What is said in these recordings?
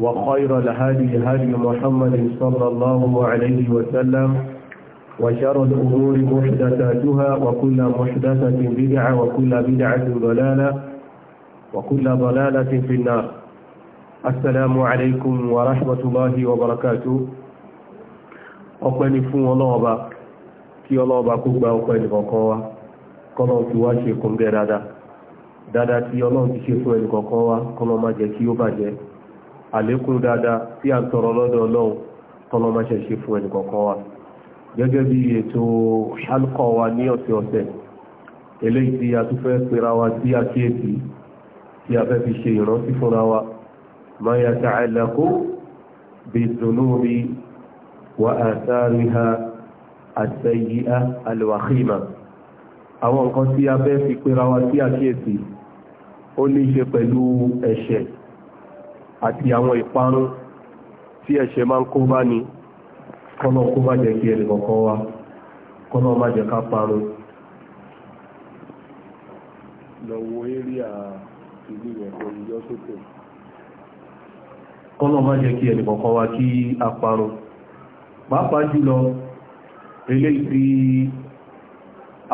وخير الهادي هادي محمد صلى الله عليه وسلم وشر الأمور محدثاتها وكل محدثة بدعة وكل بدعة ضلالة وكل ضلالة في النار السلام عليكم ورحمة الله وبركاته أقبل فو الله kí ọlọ́ọba kó gba ọpẹ́ ẹnìkọ̀ọ̀kan wa kọ́lọ̀ tí wá ṣe kún gẹ́ dáadáa dáadáa tí ọlọ́run ti ṣe fún ẹnìkọ̀ọ̀kan wa kọ́lọ̀ má jẹ́ kí ó bàjẹ́ àlékún dáadáa tí a ń tọrọ lọ́dọ̀ ọlọ́run tọ́lọ́ máa ṣe ṣe fún ẹnì kọ̀ọ̀kan wa gẹ́gẹ́ bí ètò ṣálùkọ́ wa ní ọ̀sẹ̀ ọ̀sẹ̀ eléyìí tí a tún fẹ́ pera wa sí àkíyèsí tí a fẹ́ fi ṣe ìrántí fúnra wa máa yà ta'allaqu bidhunubi wa athariha as-sayyi'a al-wakhima àwọn nǹkan tí a fẹ́ fi pera wa sí àkíyèsí ó ní í ṣe pẹ̀lú ẹ̀ṣẹ̀ àti àwọn ìparun tí ẹ̀ṣẹ̀ máa ń kó bá ní kọ́nà kó má jẹ́ kí ẹnìkọ̀ọ̀kan wá kọ́nà má jẹ́ ká parun lọ́wọ́ eréà ìlú ẹ̀kọ́ ìyọ́ sókè kọ́nà má jẹ́ kí ẹnìkọ̀ọ̀kan wá kí a parun pàápàá jùlọ relé ìfí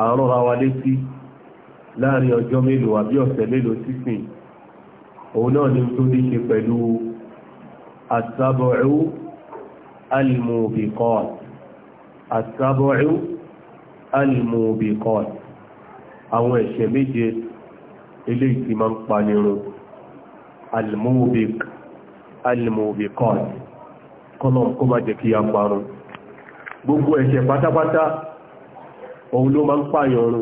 àárọ̀ wa létí láàrin ọjọ́ mélòó àbí ọ̀sẹ̀ mélòó sísìn òun náà ni tó ní ṣe pẹ̀lú asábọ̀rú almubikot asábọ̀rú almubikot àwọn ẹ̀ṣẹ̀ méje ilé ìtì máa ń pa nírun almubik almubikot kọ́lọ̀ kó má jẹ́ kí a parun gbogbo ẹ̀ṣẹ̀ pátápátá òun ló máa ń pààyàn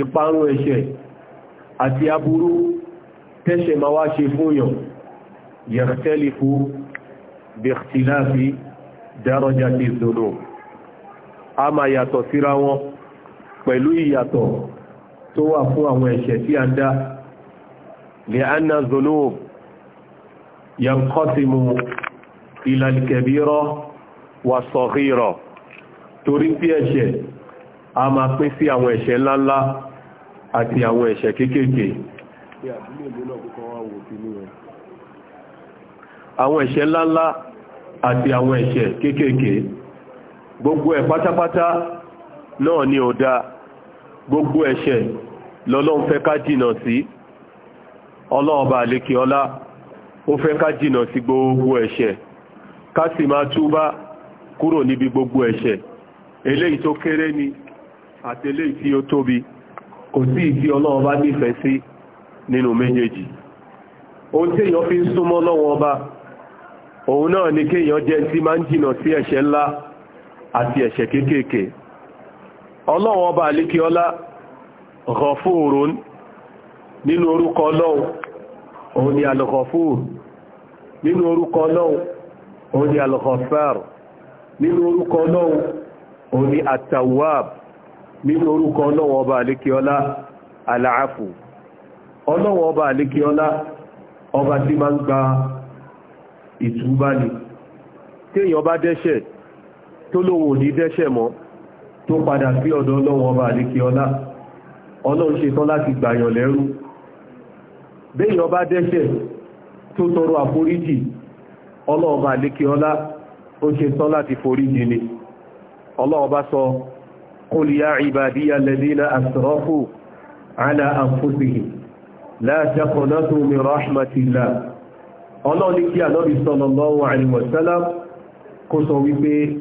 ìparun ẹ̀ṣẹ̀ àti aburú tẹ́ṣẹ̀ ma wá ṣe fóyàn yẹ̀tẹ́lifú bẹ̀tìláàfi dárọjà ti zòrò a ma yàtọ̀ síra wọn pẹ̀lú ìyàtọ̀ tó wà fún àwọn ẹ̀ṣẹ̀ tí a ń dá lè anna zòrò yankọ́símù ìlànìkẹ̀bírọ́ wà sọ̀rírọ̀ torí pé ẹ̀ṣẹ̀ a ma pín sí àwọn ẹ̀ṣẹ̀ ńláńlá àti àwọn ẹ̀ṣẹ̀ kéékèèké pé àdúgbò ìlú náà kókó wá wò sí inú rẹ̀ àwọn ẹ̀ṣẹ̀ ńláńlá àti àwọn ẹ̀ṣẹ̀ kéékèèké gbogbo ẹ̀ pátápátá náà ni ò dáa gbogbo ẹ̀ṣẹ̀ lọ́lọ́run fẹ́ ká jìnà sí ọlọ́ọ̀bà àlékè ọlá ó tóbi kò sí ìdí ọlọ́ọ̀bá nífẹ̀ẹ́ sí nínú méjèèjì ohun tí èèyàn fi ń súnmọ́ lọ́wọ́ ọba òun náà ni kéèyàn jẹ́ tí máa ń jìnà sí ẹ̀ṣẹ̀ ńlá àti ẹ̀ṣẹ̀ kéékèèké ọlọ́wọ́ ọba àlékiọlá Ghafurun nínú orúkọ ọlọ́run òun ni al-Ghafur nínú orúkọ ọlọ́run òun ni al nínú orúkọ ọlọ́run òun ni at nínú orúkọ ọlọ́run ọba àlékiọlá al ọlọ́wọ́ ọba àlékí ọlá ọba tí ma ń gba ìtúbá ni téèyàn bá dẹ́ṣẹ̀ tó lóhun dẹ́ṣẹ̀ mọ́ tó padà sí ọ̀dọ̀ ọlọ́wọ́ ọba àlékí ọlá ọlọ́run tán láti gbàyàn lẹ́rú béèyàn bá la taqnatu min rahmatillah ọlọ́ni kí ànábì sallallahu alaihi wasallam kó sọ wípé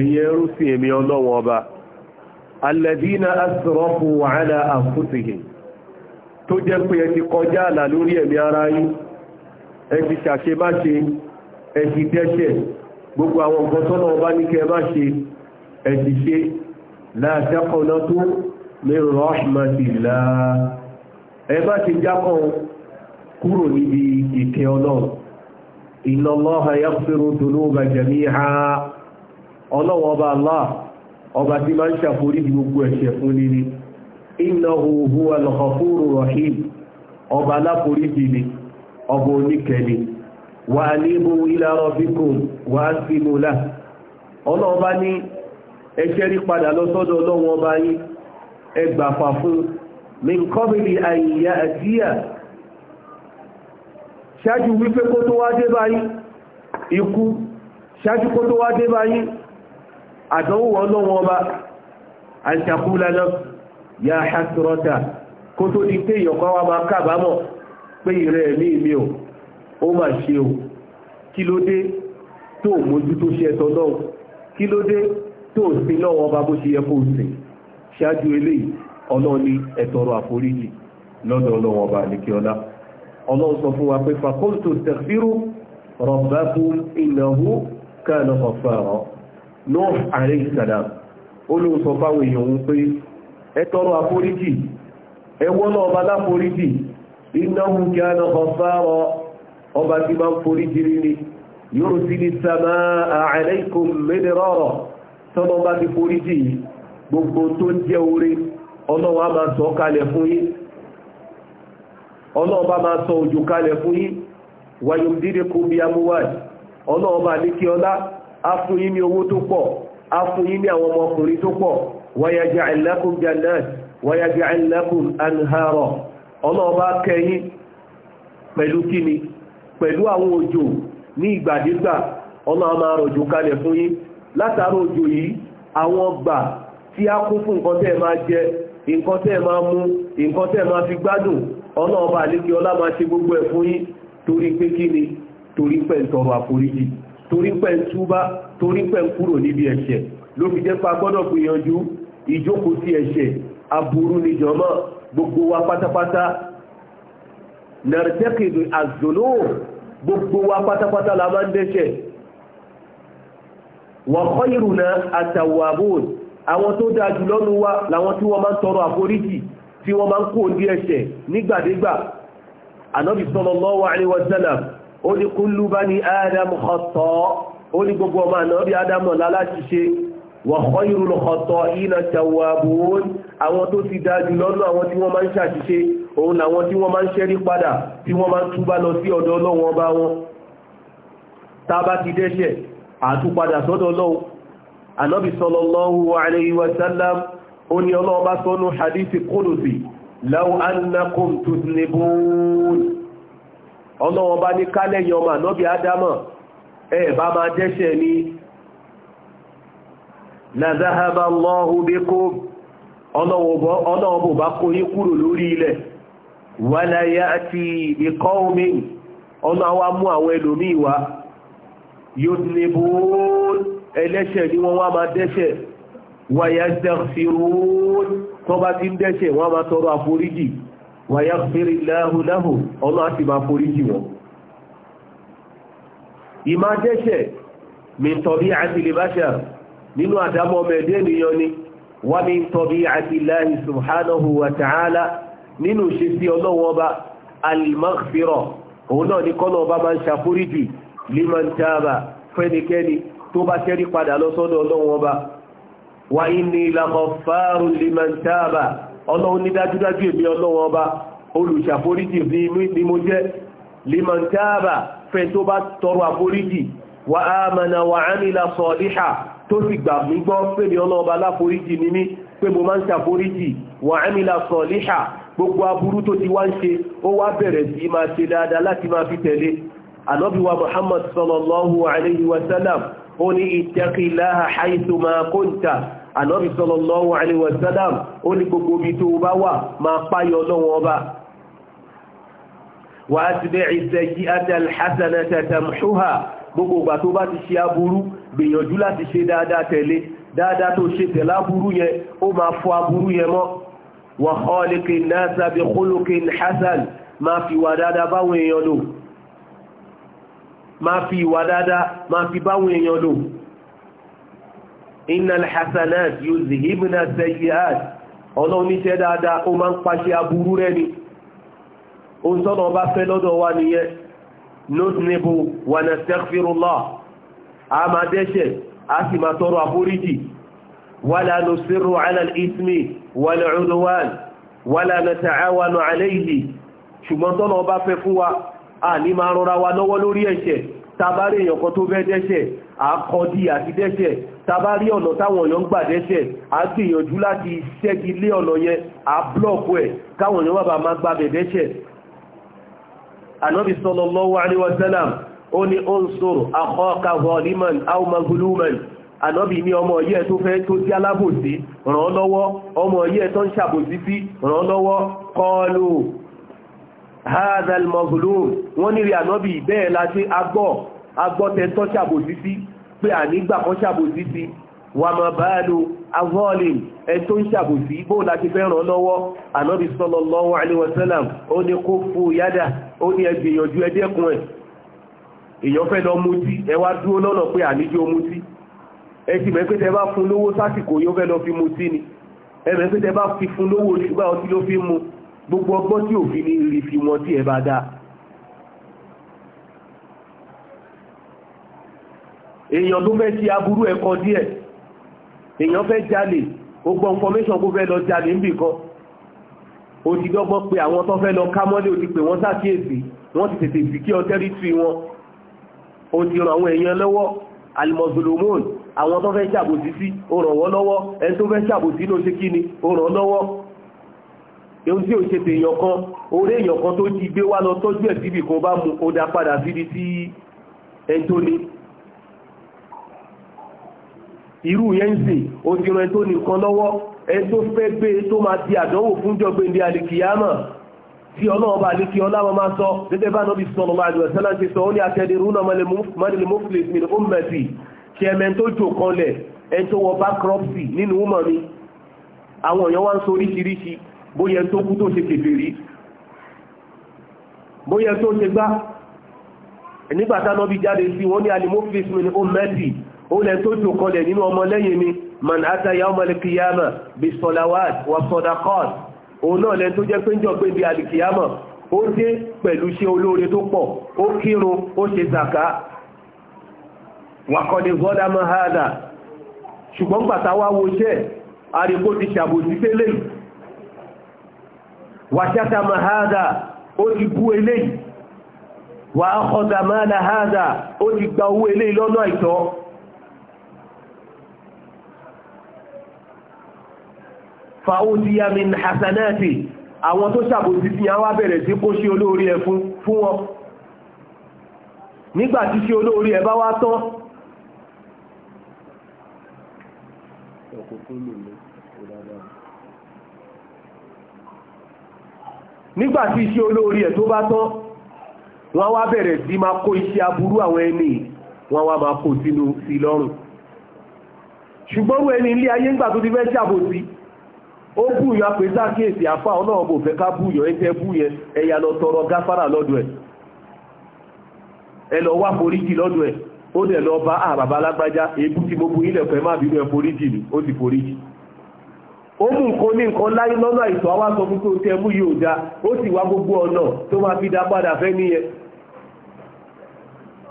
ẹ̀yẹ rúsí èmi ọlọ́wọ́ ọba alladhina asrafu ala anfusihim tó jẹ́ pé ẹ ti kọjá àlà lórí ẹ̀mí ara yín ẹ ti ṣàṣe má ṣe ẹ ti dẹ́ṣẹ̀ ẹ bá n'ibi jábọ̀ kúrò níbi ìtẹ́ ọlọ́run inna Allaha yaghfiru dhunuba ha. ọlọ́run ọba Allah ọba tí máa ń ṣàforíjì gbogbo ẹ̀ṣẹ̀ fún níní innahu huwal ghafurur rahim ọba aláforíjì ni ọba oníkẹ́ni wa anibu wa aslimu lahu ọlọ́run bá ní ẹṣẹ́ rí padà lọ sọ́dọ̀ yín ẹgbàfà fún min kọ́bìlì àyíyà àdíyà ṣáájú wípé kó tó wá dé báyìí ikú ṣáájú kó tó wá dé báyìí àdánwò ọlọ́wọ́ ọba àṣàkúlá náà ya hasrata kó tó di pé ìyọ̀kọ́ wa máa kábàámọ̀ pé ìrẹ́ ẹ̀mí mi ò ó máa ṣe o kí ló dé tó mójú tó ṣe ẹ̀tọ́ náà kí ló dé tó sí náà ọba bó ṣe yẹ kó sìn ṣáájú eléyìí ọlọ́run ní ẹ tọrọ àforíjì lọ́dọ̀ ọlọ́run ọba àlekè ọlá ọlọ́run sọ fún wa pé fàkóńtò tẹ̀fírù rọ̀bàbù ìnáwó káàlọ́ ọ̀fààrọ̀ north àárẹ̀ ìsàdàm olóhùn sọ fáwọn èèyàn òun pé ẹ tọrọ àforíjì ẹ wọ́nà ọba láforíjì ìnáwó káàlọ́ ọ̀fààrọ̀ ọba tí máa ń foríjì rírí yóò sí ní sàmà àárẹ̀ ìkòmẹ́dẹ̀rọ̀rọ̀ tọ́lọ́ bá ti foríjì gbogbo tó ń jẹ́ orin ọlọ́wọ́ a máa sọ kalẹ̀ fún yín ọlọ́ọ̀bá máa sọ òjò kalẹ̀ fún yín wàyò dídé kó bí amúwàdì ọlọ́ọ̀bá ní kí ọlá a fún yín ní owó tó pọ̀ a fún yín ní àwọn ọmọkùnrin tó pọ̀ wàyàjà anhara ọlọ́ọ̀bá kẹyìn pẹ̀lú kíni pẹ̀lú àwọn òjò ní ìgbàdégbà ọlọ́ọ̀bá rọ̀jò kalẹ̀ fún tí a kún fún nǹkan tẹ́ máa jẹ nǹkan tẹ́ máa mú nǹkan tẹ́ máa fi gbádùn ọ̀nà ọba àlékí ọlá máa ṣe gbogbo ẹ̀ fún yín torí pé kí ni torí pẹ́ ń tọrọ àforíjì torí pẹ́ ń túbá torí pẹ́ ń kúrò níbi ẹ̀ṣẹ̀ ló fi jẹ́ pa gbọ́dọ̀ gbìyànjú ìjókòó sí ẹ̀ṣẹ̀ aburú níjọmọ́ gbogbo wa pátápátá nàrẹ́tẹ́kìdì àzòló gbogbo wa pátápátá la máa ń dẹ́ṣẹ̀ wà khayruna àtàwàbùn àwọn tó dáa jù lọ́nu wa làwọn tí wọ́n máa ń tọrọ àforíjì tí wọ́n máa ń kó ní ẹ̀ṣẹ̀ nígbàdégbà ànábì sallallahu alaihi wasallam ó ní kullu bani ádámù khata ó ní gbogbo ọmọ ànábì ádámù láláṣiṣe wa khayrul khata'ina anọ́bí sọlọ́lọ́hu alayhi wa sallam ó ní ọlọ́ọ̀bá sọ́nú hadithi Qudusi, láwọ́ annakum tuznibun ọlọ́ọ̀bá ní kálẹ̀ yọmọ anọ́bí adama ẹ bá máa dẹ́ṣẹ̀ ní lazahaba allahu bikum ọlọ́ọ̀bọ̀ bá kó yín kúrò lórí ilẹ̀ wala ya'ti biqawmin ọlọ́wà mu àwọn ẹlòmíì wa yudnibun ẹlẹ́ṣẹ̀ ni wọ́n wá máa dẹ́ṣẹ̀ wayastaghfirun tó bá ti ń dẹ́ṣẹ̀ wọ́n máa tọrọ àforíjì wayaghfirillahu lahum ọlọ́ àti máa foríjì wọn ìmá dẹ́ṣẹ̀ min tabi'atil bashar nínú àdámọ́ mẹ́ẹ̀dẹ́ ènìyàn ni wa min tabi'atillahi subhanahu wa ta'ala nínú ìṣesí ọlọ́wọ́ ọba al òun náà ní kọ́nà ọba máa ń ṣàforíjì liman fẹ́nikẹ́ni tó bá ṣẹ́rí padà lọ sọ́dọ̀ ọlọ́run ọba wà ní ìlànà fáàrùn liman taba ọlọ́run ní dájúdájú èmi ọlọ́run ọba olùṣàforíjì ni mo jẹ́ liman taba fẹ́ tó bá tọrọ àforíjì wà amana wà amila saliha tó sì gbà mí gbọ́ pé ní ọlọ́run ọba láforíjì ni mí pé mo máa ń ṣàforíjì wà amila saliha gbogbo aburú tó ti wá ń ṣe ó wá bẹ̀rẹ̀ sí máa ṣe dáadáa láti máa fi tẹ̀lé ànábì muhammad sallallahu alayhi wa sallam ó ní ittaqillaha haythuma kunta ànábì sallallahu alaihi wasallam ó ní gbogbo ibi tó bá wà máa páyọ ọlọ́wọ́n ọba wà á ti bẹ̀rẹ̀ ìṣẹ́jí àtàlhásánà tàtàmṣúhà gbogbo ìgbà tó bá ti ṣe aburú gbìyànjú láti ṣe dáadáa tẹ̀lé dáadáa tó ṣe tẹ̀lé aburú yẹn ó máa fọ aburú yẹn mọ́ wà khaliqin nasa bi khuluqin hasan máa fi wà dáadáa báwọn èèyàn lò máa fi ìwà dáadáa máa fi báwọn èèyàn lò innal hasanat yuzhibna sayyi'at ọlọ́run níṣẹ́ dáadáa ó máa ń pàṣẹ aburú rẹ̀ ni ó ń sọ́nà ọba fẹ́ lọ́dọ̀ wa nìyẹn nọ́tìnìbò wà ní sẹ́fìrúlá a máa dẹ́ṣẹ̀ a sì máa tọrọ àforíjì wàlá ló sírò alal wàlá ọdọwàn wàlá ṣùgbọ́n sọ́nà ọba fẹ́ fún wa a ní máa rọra wa lọ́wọ́ lórí ẹ̀ṣẹ̀ tabari èèyàn kan tó fẹ́ dẹ́ṣẹ̀ àkọ́dí àti dẹ́ṣẹ̀ tabari ọ̀nà táwọn èèyàn ń gbà dẹ́ṣẹ̀ a gbìyànjú láti ṣẹ́gi lé ọ̀nà yẹn a blọ́ọ̀kù ẹ̀ káwọn èèyàn bàbá máa gbàbẹ̀ dẹ́ṣẹ̀ Ànábì sallallahu alaihi wasallam ó ní unsur akhaka zaliman aw mazluman ànọ́bì ní ọmọ hadal maglum wọ́n ní rí ànábì bẹ́ẹ̀ la ṣe agbọ́ agbọ́tẹ tọ́ ṣàbòsí sí pé ànígbà kan ṣàbòsí sí wà máa bá lò avọ́ọ̀lì ẹ tó ń ṣàbòsí bó la ṣe fẹ́ ràn lọ́wọ́ ànábì sallallahu alaihi wasallam ó ní kó fò yádà ó ní ẹ gbìyànjú ẹ dẹ́kun ẹ̀ èèyàn fẹ́ lọ mutí ẹ wá dúró lọ́nà pé àníjó mutí ẹ sì mẹ́ pé tẹ bá fún lówó sásìkò yóò fẹ́ lọ fi mutí ni ẹ mẹ́ pé tẹ bá fi fún lówó ṣùgbọ́n ọtí ló fi mu gbogbo ọgbọ́n tí òfin ní rí fi wọn tí ẹ bá dáa èèyàn tó fẹ́ ti aburú ẹ̀kọ́ díẹ̀ èèyàn fẹ́ jalè ó gbọ́ information kó fẹ́ lọ jalè ń bì kan ó ti dọ́gbọ́n pé àwọn tó fẹ́ lọ ká mọ́lé ó ti pè wọ́n ṣàkíyèsí wọ́n ti tètè fi kí ọtẹ́rítì wọn ó ti ràn àwọn èèyàn lọ́wọ́ alimọ̀sùlùmọ́ọ̀nù àwọn tó fẹ́ ṣàbòsí sí ó ràn wọ́n lọ́wọ́ ẹni tó fẹ́ ṣàbòsí ló ṣe kí ni ó ràn lọ́wọ́ èyí tí ò ṣe tè èèyàn kan orí èèyàn kan tó ti gbé wá lọ tọ́jú ẹ̀ síbi kan bá mu ó dá padà síbi tí ẹni tó ní irú yẹn ń sìn ó ti ran ẹni tó ní nǹkan lọ́wọ́ ẹni tó fẹ́ gbé tó máa di àdánwò fún jọ́gbé ní alìkìyámà tí ọlọ́ọ̀bá alìkì ọláwọ́ máa sọ gẹ́gẹ́ bá nọ́bí sallallahu alaihi wasallam ti sọ ó ní atadruna manil muflis min ummati kí ẹmẹ tó bóyẹ tó kú tó ṣe kèfèrí bóyẹ tó ṣe gbá nígbàtá náà bí jáde sí wọ́n ní alimofis mi ni ó mẹ́tì ó lẹ tó tó kọlẹ̀ nínú ọmọ lẹ́yìn mi man ataya bí sọlawat wa sọdakọt òun náà lẹ tó jẹ́ pé ń jọ pé bí alikiyama ó dé pẹ̀lú iṣẹ́ olóore tó pọ̀ ó kírun ó ṣe zaka wàkọ̀dé gọ́dá mahada ṣùgbọ́n gbàtà wo iṣẹ́ àríkó ti ṣàbòsí tẹ́lẹ̀ wàṣátà ma hádà ó ti bú eléyìí wà á kọ́dà máa na hádà ó ti gba owó eléyìí lọ́nà àìtọ́ fàúdíyà min hasanati àwọn tó ṣàbòsí fi àwọn abẹ̀rẹ̀ sí kó ṣe olóorí ẹ fún wọn nígbàtí ṣe olóorí ẹ bá wá tán ọkùnkùn lòlẹ́ nígbà isi iṣẹ́ olóore ẹ̀ tó bá tán wọ́n wá bẹ̀rẹ̀ sí ma kó iṣẹ́ aburú àwọn ẹni wọ́n wá ma kó sínú sí lọ́rùn ṣùgbọ́n ẹni ilé ayé ńgbà tó ti fẹ́ ṣàbòsí ó búyàn apè sákèsì àfà ọlọ́run bò fẹ́ ká búyàn o mú nǹkan ní nǹkan láyé lọ́nà àìsàn àwọn aṣọ fún tó tẹ mú yóò dá ó sì wá gbogbo ọ̀nà tó máa fi dá padà fẹ́ níyẹn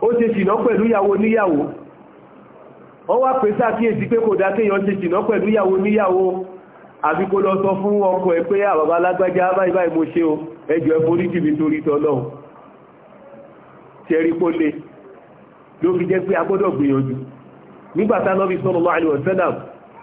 ó ṣe ṣìnà pẹ̀lú ìyàwó níyàwó wọ́n wá pèsè àkíyèsí pé kò dá kéèyàn ṣe pẹ̀lú ìyàwó níyàwó àbí lọ sọ fún ọkọ epe pé àbàbá alágbájá báyìí mo ṣe o ẹjọ́ ẹ forí jì mí torí kó lé ló fi jẹ́ pé a gbìyànjú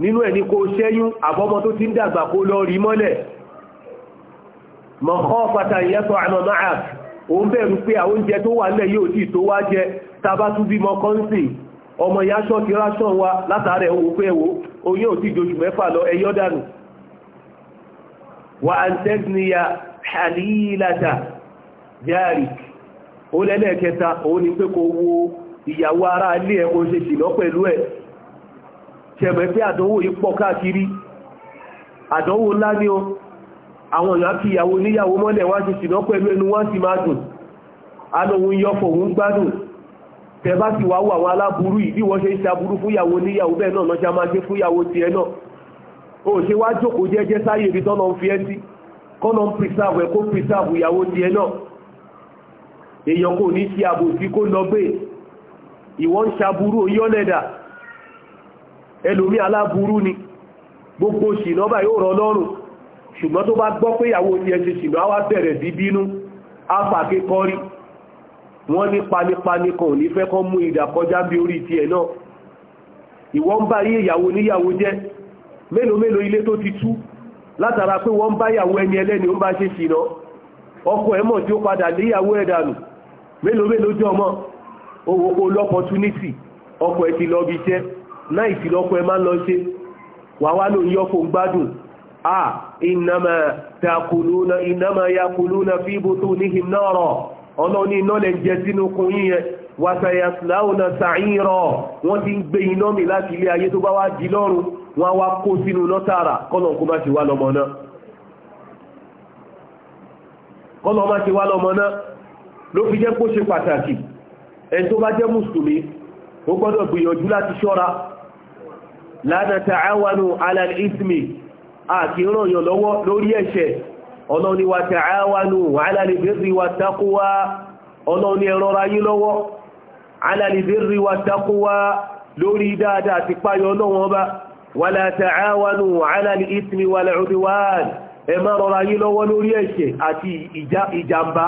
nínú ẹni kó ṣẹ́yún àbọ́mọ tó ti ń dàgbà kó lọ rí mọ́lẹ̀ mọ̀kọ́ fata ìyẹ́tọ̀ àmọ́ máa o ń bẹ̀rù pé àwọn tó wà yóò tí tó wá jẹ tàbá tún ọmọ ti wa látàrẹ wa ni wo ìyàwó ara ilé ẹ̀ ṣe ṣẹ̀mẹ̀ pé àdánwò yìí pọ̀ káàkiri àdánwò ńlá ní o àwọn èèyàn kí ìyàwó níyàwó mọ́lẹ̀ wá ti ṣìná pẹ̀lú ẹnu wá sí máa dùn alóhun yọfọ̀ òun gbádùn tẹ bá sì wá wọ àwọn aláburú yìí bí wọ́n ṣe ń ṣaburú fúyàwó níyàwó bẹ́ẹ̀ náà lọ́ṣà máa ṣe fúyàwó tiẹ̀ náà o ṣe wá jókòó jẹ́jẹ́ sáyé ibi tọ́nà ń fi ẹ́ sí kọ́nà ń pìsáàbù ẹ̀ kó pìsáàbù ìyàwó tiẹ̀ náà èèyàn kò ní ṣe àbòsí kó lọ bẹ́ẹ̀ ìwọ́n ń ṣaburú oyọ́lẹ̀dà ẹlòmí aláburú ni gbogbo ṣìnà bá yóò rọ lọ́rùn ṣùgbọ́n tó bá gbọ́ pé ìyàwó ti ẹ̀ ti ṣìnà wá bẹ̀rẹ̀ sí bínú afàké kọrí wọ́n ní panipani kan ní fẹ́ kọ́ mú ìdàkọjá bí orí náà ìwọ́n bá yí ìyàwó níyàwó jẹ́ ti tú látara pé wọ́n bá ìyàwó ẹni ẹlẹ́ni ó bá ṣe ṣìnà ọkọ tí ó padà ẹ̀ dànù ọkọ ẹ̀ ti lọ bí jẹ́ na ìfìlọ́ ọkọ̀ ẹ máa ń lọ ṣe wà wá ya ọkọ̀ gbádùn à ìnàmà takulúna ìnàmà yakulúna fi butunihim nara ọlọ́ni iná lẹ jẹ sínú kun yíyẹn wàtàyàsíláwòna sàírọ̀ wọ́n ti ń gbé iná mi láti ilé ayé tó bá wá di lọ́run wọ́n wá kó sínú lọ́tàrà kọ́lọ̀ kó má ti lánàtà àwọnù alal ismi àkíràn yàn lọ́wọ́ lórí ẹ̀ṣẹ̀ ọlọ́ni wa tà àwọnù alàlìbírì wa takuwa ọlọ́ni ẹ̀rọ ayé lọ́wọ́ alàlìbírì wa takuwa lórí dáadáa ti páyọ lọ́wọ́ bá wà látà àwọnù alal ismi wà lẹ́rùdíwáàdì ẹ má rọra yí lọ́wọ́ lórí ẹ̀ṣẹ̀ àti ìjàmbá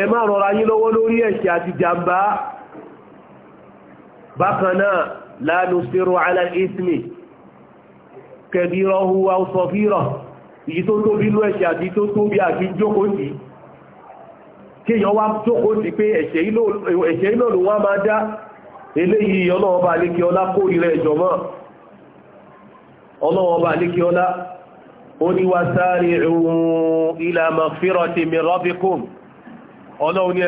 ẹ má rọra yí lọ́wọ́ lórí ẹ̀ṣẹ̀ àti ìjàmbá bákan la nusiru ala ismi kẹbírọ̀hu aw sọ̀fírọ̀ ìyí tó tóbi ló ẹ̀ṣẹ̀ àti tó tóbi àti jókòó sí kéèyàn wá jókòó sí pé ẹ̀ṣẹ̀ ìlò ló wá máa dá eléyìí ọlọ́ọba àlékí ọlá kó ìrẹ ìjọmọ́ ọlọ́ọba àlékí ọlá ó ní wá sáré ohun ila magfirati min rabbikum ọlọ́run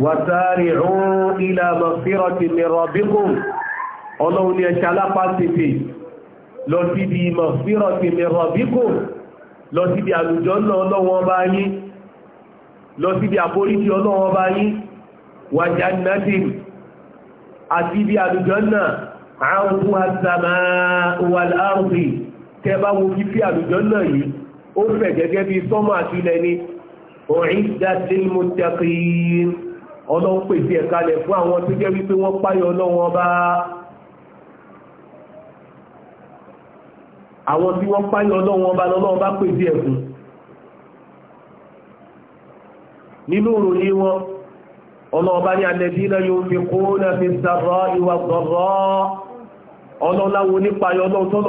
وَسَارِعُوا إِلَى مَغْفِرَةٍ مِنْ رَبِّكُمْ ọlọ́run ni ẹ̀ṣà alápàtètè lọ sí ibi مَغْفِرَةٍ مِنْ رَبِّكُمْ lọ sí ibi àlùjọ́ náà ọlọ́wọ́n bá yín lọ sí ibi àforíjì ọlọ́wọ́n bá yín wa jannatin àti ibi àlùjọ́ náà àwọn as-samaa wal tẹ bá wo fífí àlùjọ́ náà yìí ó fẹ̀ gẹ́gẹ́ bí sọ́mọ́ àtúlẹ̀ ni أعدت للمتقين ọlọ́run pèsè ẹ̀kalẹ̀ fún àwọn tó jẹ́ wípé wọ́n páyọ ọlọ́run ọba àwọn tí wọ́n páyọ ọlọ́run ọba lọ́lọ́run bá pèsè ẹ̀kùn nínú ìròyìn wọn ọlọ́ọba ní alẹ́dínà yóò fi kó fi ìwà gbọ̀rọ̀ ọlọ́láwo nípayọ ọlọ́run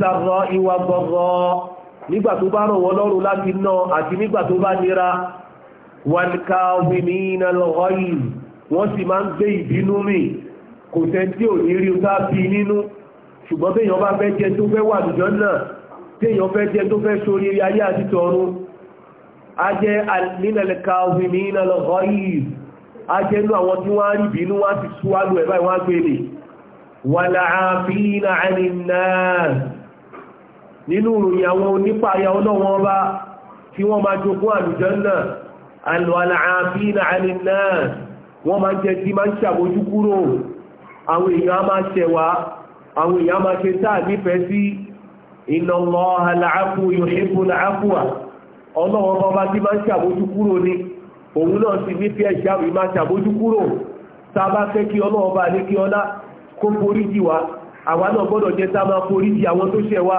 tọ́lọ́ nígbà tó bá rọ̀ wọ́n lọ́rùn láti ná àti nígbà tó bá nira wọn ká omi ní iná lọ́wọ́ yìí wọ́n sì máa ń gbé ìbínú mi kò sẹ́ tí ò ní rí o sáà bí nínú ṣùgbọ́n téèyàn bá fẹ́ jẹ tó fẹ́ wà lùjọ́ náà téèyàn fẹ́ jẹ tó fẹ́ sórí ayé àti tọ̀run a jẹ́ nílẹ̀ ká omi ní iná lọ́wọ́ yìí a jẹ́ inú àwọn tí wọ́n á rí ìbínú wọ́n á ti súwálù ẹ̀ báyìí wọ́n á gbé ni wàlàáfíìnà ànínáà nínú ìròyìn àwọn onípàyà ọlọ́wọ́n ọba tí wọ́n máa jogún àlùjànnà alàáfíìnà àlìnà wọ́n máa jẹ tí máa ń ṣàbójú kúrò àwọn èèyàn máa ṣẹ̀wá àwọn èèyàn máa ṣe táà nífẹ̀ẹ́ sí inna Allaha al-'afwu yuhibbul 'afwa ọlọ́wọ́n ọba tí máa ń ṣàbójú kúrò ni òun náà sì nífẹ̀ẹ́ ṣàbí máa ṣàbójú kúrò tá a bá fẹ́ kí ọlá kó foríjì wa àwa náà gbọ́dọ̀ jẹ́ tá foríjì àwọn tó ṣẹ̀ wa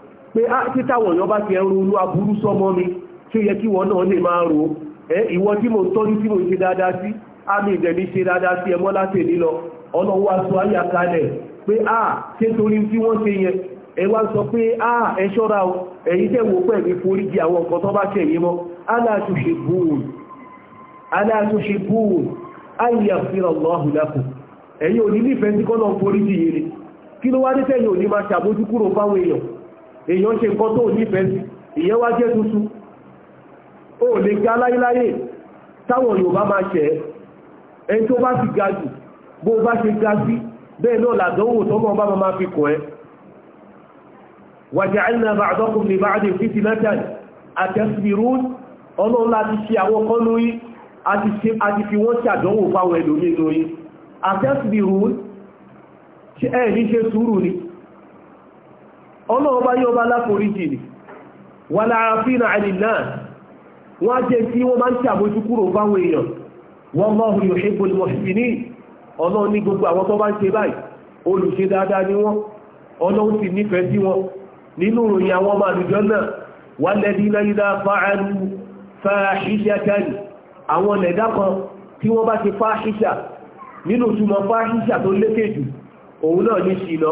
pé ah, títàwọn èèyàn bá ti ẹrù olú aburú sọmọ mi tí ó yẹ kí wọn náà lè máa rò ẹ ìwọ tí mo tọ́jú tí mo ṣe dáadáa sí àmì ìdẹ̀mí ṣe dáadáa sí ẹmọ́ láti nílọ ọlọ́wọ́ aṣọ ayà pé à ah, ṣe torí tí wọ́n ṣe yẹn ẹ wá sọ pé a ah, ẹ ṣọ́ra o ẹ̀yin tẹ́ wò pẹ̀lú àwọn nǹkan tó bá ṣe yìí mọ́ bùn bùn èyàn ṣe nǹkan tó nífẹ̀ẹ́ sí ìyẹn wá jẹ́ tuntun ó lè ga láyéláyé táwọn Yorùbá máa ṣẹ̀ ẹni tó bá ti ga jù bó bá ṣe ga sí bẹ́ẹ̀ náà làdánwò tọ́mọ bá máa fi kọ̀ ẹ́ waja'alna ba'dakum li ba'din fitnatan atasbirun ọlọ́run láti ṣe àwọn kan lórí àti ọlọ́run bá yóò bá láforíjì ni wà láàáfíìnà àìlìnà wọ́n á jẹ́ tí wọ́n máa ń ṣàbójú kúrò fáwọn èèyàn wọ́n mọ́ ohun yóò ṣe polymọ̀ sí ní ọlọ́run ní gbogbo àwọn tó bá ń ṣe báyìí olùṣe dáadáa ni wọ́n ọlọ́run sì nífẹ̀ẹ́ sí wọn nínú ìròyìn àwọn ọmọ àlùjọ náà wà lẹ̀dá kan tí wọ́n bá ti fáàṣíṣà nínú ìtumọ̀ fáàṣíṣà tó lékè òun náà ní ṣìnà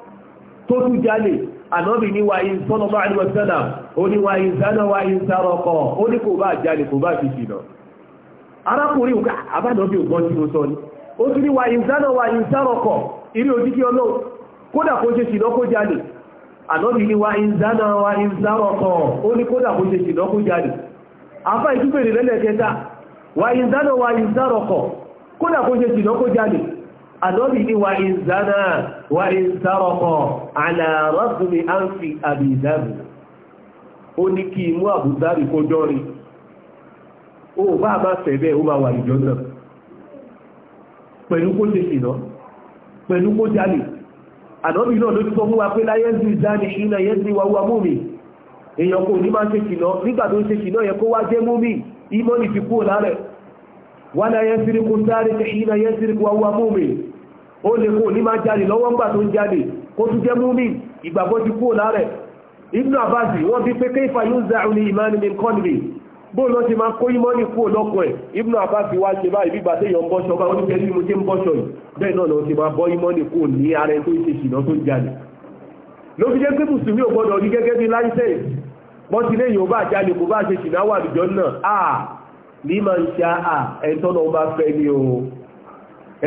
tó tún jálè ànábì ní wa in sallallahu alaihi wasallam ó ní wa in zana wa in sarqa ó ní kò bá jálè kò bá fi ṣìnà arákùnrin òkà àbánàbí ògbọ́n tí mo sọ ni ó tún ní wa in zana wa in sarqa irí òjíkí ọlọ́run kódà kó ṣe ṣìnà kó jálè ànábì ní wa in zana wa in sarqa ó ní kódà kó ṣe ṣìnà kó jálè afá ìtúbèrè lẹ́lẹ̀kẹta wa in zana wa in sarqa kódà kó ṣe ṣìnà kó jálè àdọ́bì ní wa ìzánà wa ìzárọ̀kọ̀ àlàrọ́gbìnì áńfì àbìdáàbì ó ní kí imú àbúdárì kó jọ́rí ó bá bá fẹ̀bẹ̀ ó máa wà ìjọ náà pẹ̀lú kó ṣe ṣìnà pẹ̀lú kó jalè àdọ́bì náà ló ti sọ fún wa pé láyé sí ìdáni iná yẹn sí wa wà múmi èèyàn ó lè kó ní máa jáde lọ́wọ́ ńgbà tó ń jáde kó tún jẹ́ múmi ìgbàgbọ́ ti kúrò lárẹ̀ Ibn Abbas wọ́n bí pé kéfà yóò zà ní ìmáni min kọ́nìlì bó lọ ti máa kó ìmọ̀ ní kúrò lọ́kọ̀ ẹ̀ Ibn Abbas wá ṣe báyìí bígbà tí yọ̀ ń bọ́ṣọ bá oníṣẹ́ ní mo ṣe ń bọ́ṣọ yìí bẹ́ẹ̀ náà lọ́ọ́ ti máa bọ́ ìmọ̀ ní kúrò ní ara tó ń ṣe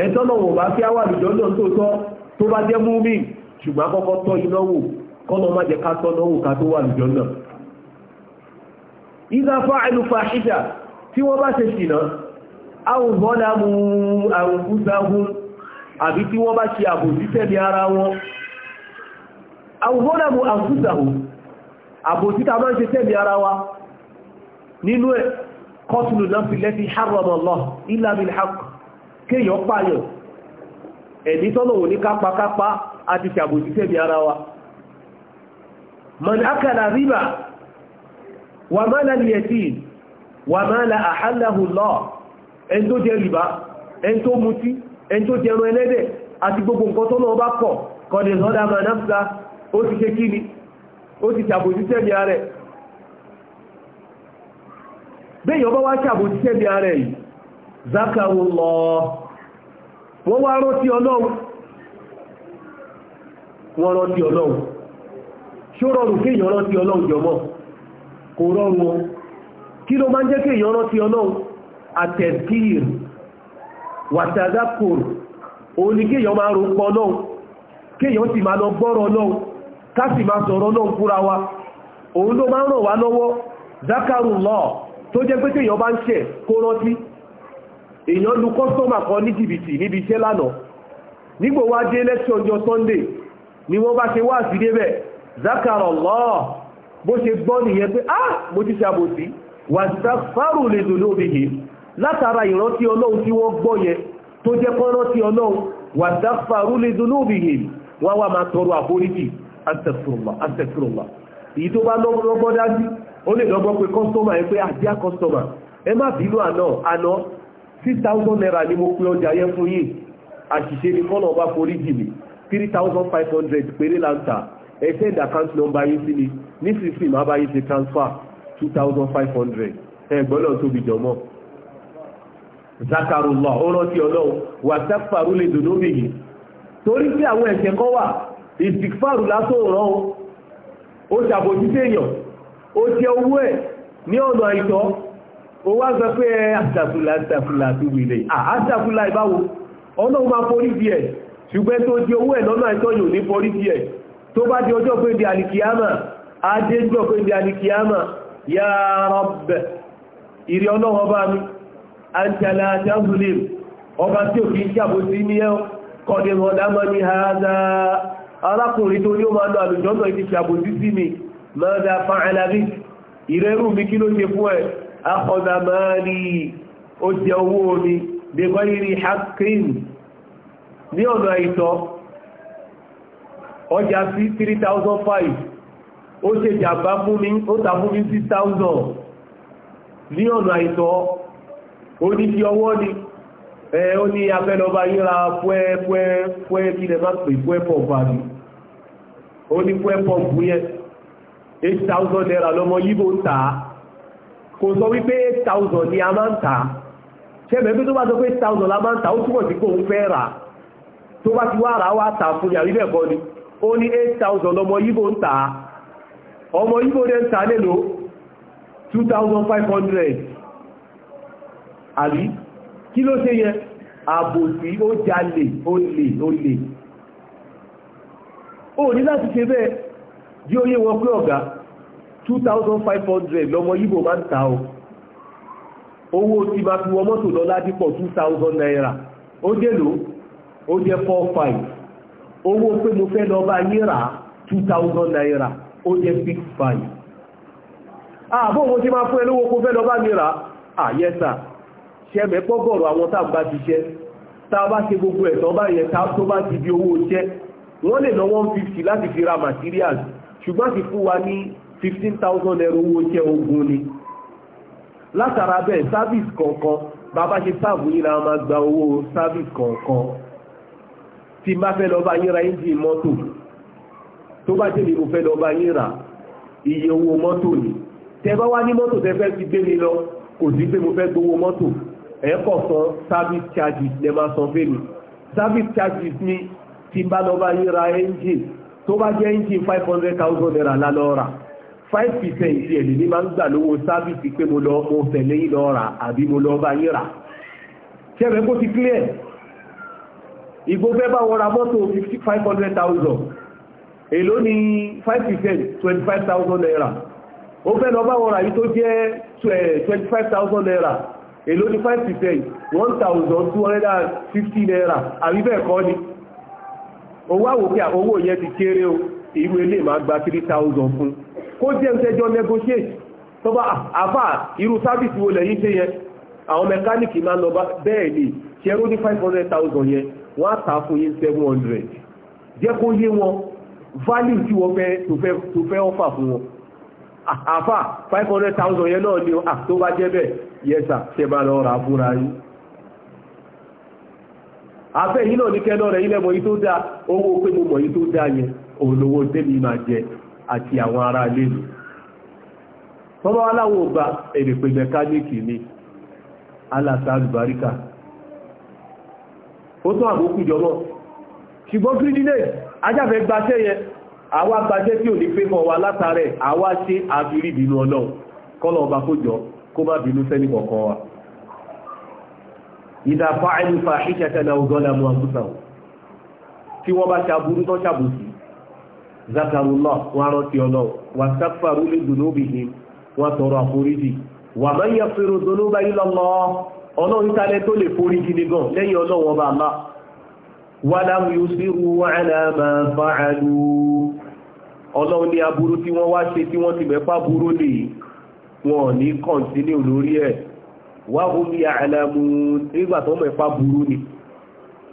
ẹ̀tọ́nà wọ̀n bá fi á wà lùjọ́ náà tó tọ́ tó bá jẹ́ múmi ṣùgbọ́n kọ́kọ́ tọ́ iná wò kọ́nà má jẹ́ ká tọ́ náà wò ká tó wà lùjọ́ náà ìgbà fa ẹnu fa ṣíṣà tí wọ́n bá ṣe ṣìnà àwọn bọ́dà àbí tí wọ́n bá ṣe àbòsí tẹ́bi kéèyàn pààyàn ẹ̀mí tọ́lọ̀wò ní kápakápá àti ṣàbòjíṣẹ́ bí ara wa man akala riba wà mala al-yatim wà mala ahallahu Allah tó jẹ riba ẹn tó mutí ẹn tó jẹran ẹlẹ́dẹ̀ àti gbogbo nǹkan tọ́lọ̀ bá kọ̀ kọ̀dé sọ́dá ma náfsa ó ti ṣe zákàrù lọ wọ́n wá rántí ọlọ́run wọ́n rántí ọlọ́run ṣó rọrùn kí èèyàn rántí ọlọ́run jọmọ́ kò rọrùn o kí ló máa jẹ́ kí èyàn rántí ọlọ́run kí máa ọlọ́run kí máa lọ gbọ́rọ̀ ọlọ́run ká sì máa sọ̀rọ̀ ọlọ́run wa tí bá ń ṣẹ̀ kó èèyàn lu kọ́sọ́mà kan ní jìbìtì níbi iṣẹ́ lánàá nígbò wá dé lẹ́ṣọ́ ọjọ́ sunday ni wọ́n bá ṣe wá sí débẹ̀ zakara allah bó ṣe gbọ́ nìyẹn pé ah mo ti ṣe àbòsí wà sáfàrù lè dùn lóbi yìí látara ìrántí ọlọ́run tí wọ́n gbọ́ yẹn tó jẹ́ kọ́ rántí ọlọ́run wà sáfàrù lè dùn lóbi yìí wọ́n wá máa tọrọ àforíjì astaghfirullah astaghfirullah èyí tó bá lọ́gbọ́n dájú ó lè lọ́gbọ́n pé kọ́sọ́mà ẹ pé àjá ah, kọ́sọ́mà ẹ má bínú àná àná six thousand naira ni mo pe ọjà yẹn fún yìí àṣìṣe ni kọ́nà ọba forí jì mí three thousand five hundred péré láǹtà ẹ send account number yín sí mi nísinsìnyí máa bá yín ṣe transfer two thousand five hundred ẹ gbọ́dọ̀ tóbi jọmọ́ zakarullah ó rántí ọlọ́run wàtẹ́fàrú lè dùn lómi yìí torí pé àwọn ẹ̀ṣẹ̀ kan wà ìsìkfàrù lásán òràn ó ṣàbòjútó èèyàn ó jẹ owó ẹ̀ ní ọ̀nà àìtọ́ ó wá sọ pé eh, àtàkùlà àtàkùlà tó wèrè àtàkùlà ìbáwo ọlọ́run máa forí bí ẹ̀ ṣùgbẹ́ tó di owó ẹ̀ lọ́nà ìtọ́ yóò ní forí bí ẹ̀ tó bá di ọjọ́ pé di alìkìyàmà adéjọ́ pé di alìkìyàmà ya Rabb ìrì ọlọ́run ọba mi àǹtàlà àtàkùlìm ọba tí ò kí ń kí ló ṣe fún ẹ̀ akọ̀dà máa rí ó jẹ owó omi bẹ̀kọ́ rírí hakim ní ọ̀nà ìtọ́ ọjà sí 3,500 ó ṣe jàmbá fún ó tà 6,000 ní ọ̀nà ìtọ́ ó ní kí ọwọ́ ni ẹ ó ní afẹ́lọba yíra pẹ́ kí lẹ má pè pẹ́ pọ̀pá ni kò sọ wípé 8,000 ni a máa ń ta ṣẹ́bẹ̀ pé tó bá sọ pé 8,000 la máa ń ta ó túbọ̀ sí kò ń fẹ́ rà tó bá ti wá rà wá tà fún ní àríbẹ̀ kọ́ ni ó ní 8,000 ọmọ yíbò ń tà ọmọ yíbò dẹ̀ ń tà lélo 2,500 àbí kí ló ṣe yẹn àbòsí ó jalè ó lè ó lè ó ní láti ṣe bẹ́ẹ̀ bí ó yé wọn pé ọ̀gá 2500 lọmọ yíbò máa ń ta o owó tí máa fi wọ mọ́tò lọ ládípọ̀ 2000 naira ó dé lò ó jẹ́ 45 owó pé mo fẹ́ lọ bá yín rà 2000 naira ó jẹ́ 65 àbọ̀ mo ti máa fún ẹ lówó kó fẹ́ lọ bá mi rà à yẹ́sà ṣẹ́mẹ̀ pọ́gọ̀rọ̀ àwọn tá bá ti ṣẹ́ tá bá ṣe gbogbo ẹ̀tọ́ bá yẹ tó bá ti di owó iṣẹ́ wọ́n lè ná 150 láti fi ra materials ṣùgbọ́n ti fún wa ní fifteen thousand naira owó jẹ́ ogun ni látara bẹ́ẹ̀ service kọ̀ọ̀kan bàbá ṣe sáàbù yìí náà gba owó service kọ̀ọ̀kan tí n bá fẹ́ lọ bá yín ra engine mọ́tò tó bá jẹ́ mi mo fẹ́ lọ bá yín iye owó mọ́tò ni tẹ́ bá wá ní mọ́tò tẹ́ fẹ́ fi gbé mi lọ kò sí pé mo fẹ́ gbowó mọ́tò ẹ̀ kọ̀ san service charges lẹ́ máa san fẹ́ mi service charges ni tí n bá lọ bá yín ra tó bá jẹ́ engine five hundred thousand naira lálọ́ rà five percent ẹ̀lì ní máa ń gbà lówó sábìsì pé mo lọ mo tẹ̀lé yín lọ rà àbí mo lọ bá yín rà ṣẹ́bẹ̀ kó ti clear ìgbó fẹ́ bá wọ́n ra mọ́tò five hundred thousand èló ni five percent twenty five thousand naira ó fẹ́ lọ bá wọ́n ra yìí tó jẹ́ twenty five thousand naira èló ni five percent one thousand two hundred and fifty naira àbí bẹ́ẹ̀ kọ́ ni owó àwòkẹ́ owó yẹn ti kéré o ìwé lè máa gba three thousand fún un kó jẹ́ ń tẹ́jọ́ negotiate tó bá àfà irú sábìsì wo lẹ́yìn ṣe yẹn àwọn mẹkáníìkì máa nọ lọ bẹ́ẹ̀ ni ṣe ẹrú ní 500,000 hundred yẹn wọ́n á fún yín seven jẹ́ kó wọn value tí wọ́n fẹ́ tó fẹ́ fún wọn àfà 500,000 yẹn náà ni tó bá jẹ́ bẹ́ẹ̀ ṣe bá lọ rà fúnra yìí àti àwọn ará ilé mi tọ́bá aláwọ̀ ọba èrèpè mẹkáníkì ni alàtà àlùbáríkà ó tún àbókù jọmọ́ ṣùgbọ́n kírídínlẹ̀ ajáfẹ́ gbaṣẹ́ yẹn àwa gbaṣẹ́ tí ò ní pé mọ́ wa látàrẹ àwa ṣe àfírí ìbínú ọlọ́run kọ́lọ̀ ọba kó jọ kó má bínú sẹ́ni kọ̀ọ̀kan wa zakarullah wọn rántí ọlọ́run wà sáfàrú lè dùnú bìhì wọn tọrọ àforíjì wà máa ń yẹ fèrò dùnú báyìí lọ́lọ́ ọlọ́run tálẹ́ tó lè foríjì nìkan lẹ́yìn ọlọ́run ọba àmà wàlám yusiru wàhálà máa fàálù ọlọ́run ní aburú tí wọ́n wá ṣe tí wọ́n ti mẹ́fà burú lè wọn ní kọ̀ǹtínú lórí ẹ̀ wá omi àlàmù nígbà tó mẹ́fà burú ni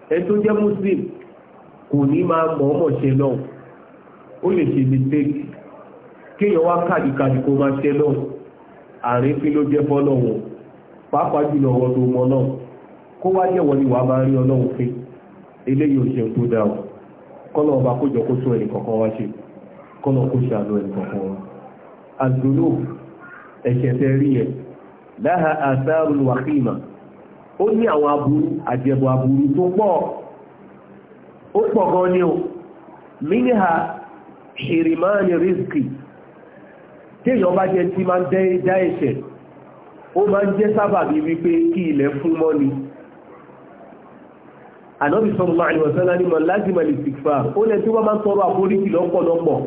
ẹ tó jẹ́ muslim kò ní máa mọ̀ọ́mọ̀ ṣe náà ó lè ṣe mistake kéèyàn wá kàdìkàdì kó máa ṣe náà àárín pín ló jẹ́ fọ́lọ́wọ̀n pàápàá jùlọ ọwọ́ tó mọ náà kó wá jẹ́wọ́ ni wàá máa rí ọlọ́run fún eléyìí ò ṣe tó ọba kójọ kó tún ẹnì kọ̀ọ̀kan wá ṣe kọ́nà kó ṣàánú ẹnì kọ̀ọ̀kan wá. ẹ̀ṣẹ̀ tẹ rí láha wàhíìmà ó ní àwọn aburú àjẹbọ aburú tó pọ̀ ó pọ̀ gan ni hìrìmáàni rízkì téèyàn bá jẹ́ tí máa ń dá ẹ̀ṣẹ̀ ó máa ń jẹ́ sábàbí wípé kí ilẹ̀ fún mọ́ ni ànábì sallallahu alaihi wasallam ní man lazima al-istighfar ó lẹ́ tí wọ́n máa ń tọrọ àforíjì lọ́pọ̀lọpọ̀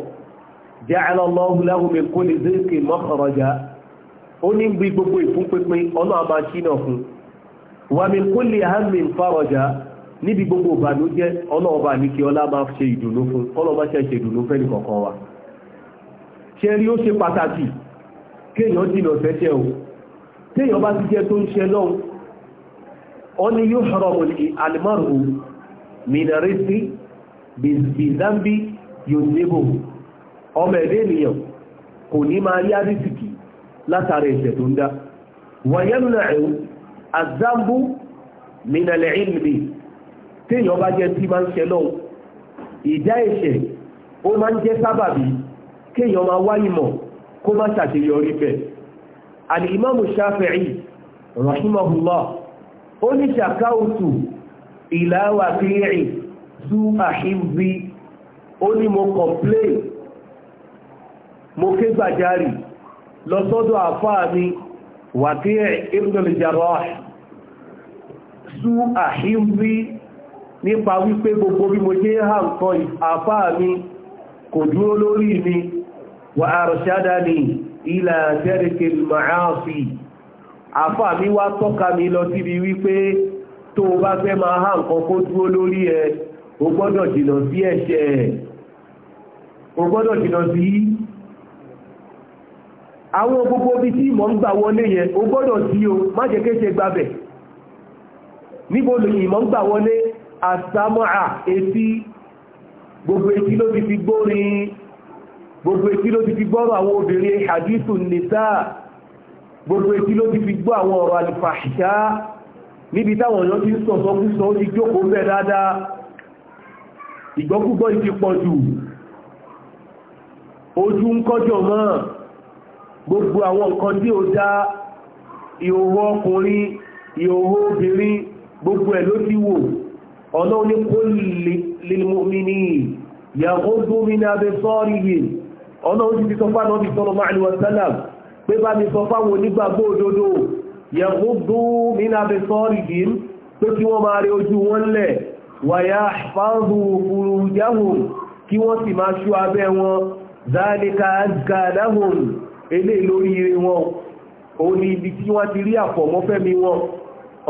ja'ala Allahu lahu min kulli rizqin makhraja ó ní níbi gbogbo ìbànújẹ́ ọlọ́ọ̀bá ní kí ọlá máa ṣe ìdùnnú fún ọlọ́ọ̀bá ṣe ṣe ìdùnnú fẹ́ nìkọ̀ọ̀kan wa ṣe rí ó ṣe pàtàkì kéèyàn dìnà sẹ́ṣẹ̀ o téèyàn bá ti jẹ́ tó ń ṣe lọ́hùn ó ní yóò ṣọ́rọ̀ mọ̀ ní alimaru minarisi bizambi yonzebo ọmọ ẹ̀dẹ́ ènìyàn kò ní máa rí àrísìkì látara ẹ̀ṣẹ̀ tó náà ẹ̀wù azambu minalẹ̀ ìlmi téèyàn bá jẹ́ tí máa ń ṣe lọ́wọ́ ìdá ẹ̀ṣẹ̀ ó máa ń jẹ́ sábàbí kéèyàn máa wá ìmọ̀ kó má ṣàṣeyọrí bẹ̀. al-Imam Shafi'i rahimahullah ó ní ṣàkáwùtù ila Waqi'i tú àṣìbí ó ní mo complain mo ké gbàjárì lọ sọ́dọ̀ àfáà mi Waqi' ibn al-Jarrah tú àṣìbí nípa wípé gbogbo bí mo jẹ́ ha nǹkan àfá mi kò dúró lórí mi wà àrùsádà ní ilà tẹ́rẹ̀kẹ́ ma'áfí àfá mi wá tọ́ka mi lọ síbi wípé tó bá fẹ́ máa ha nǹkan kó dúró lórí ẹ o gbọ́dọ̀ jìnà sí ẹ̀ṣẹ̀ o gbọ́dọ̀ jìnà sí àwọn gbogbo bí tí mọ̀ ń gbà wọlé yẹn o gbọ́dọ̀ sí o má jẹ́ gbabẹ̀ níbo lòyìn mọ̀ ń gbà wọlé àsámọ́à etí gbogbo etí ló ti fi gbórin gbogbo etí ló ti fi gbọ́rọ̀ àwọn obìnrin hadithu nìta gbogbo etí ló ti fi gbọ́ àwọn ọ̀rọ̀ alifàṣíṣá níbi táwọn èèyàn ti ń sọ̀sọ́ fún sọ ó ti jókòó bẹ́ẹ̀ dáadáa ìgbọ́kúgbọ́ ìfi pọ̀ jù ojú ń kọjọ mọ́ gbogbo àwọn nǹkan tí ó dá ìhòòhò ọkùnrin ìhòòhò obìnrin gbogbo ẹ̀ ló ti wò ọ̀nà ní kó lèmọ́mìnì yàgógún mi ní abẹ́ sọ́ọ̀rì yìí ọ̀nà ó sì ti sọ fáwọn ọ̀bí sọ́rọ̀ máa lèwọ̀ sálà pé bá mi sọ fáwọn onígbàgbọ́ òdodo yàgógún mi ní abẹ́ sọ́ọ̀rì yìí pé kí wọ́n máa rí ojú wọn lẹ̀ wàyà fáwọn òfurufú kí wọ́n sì máa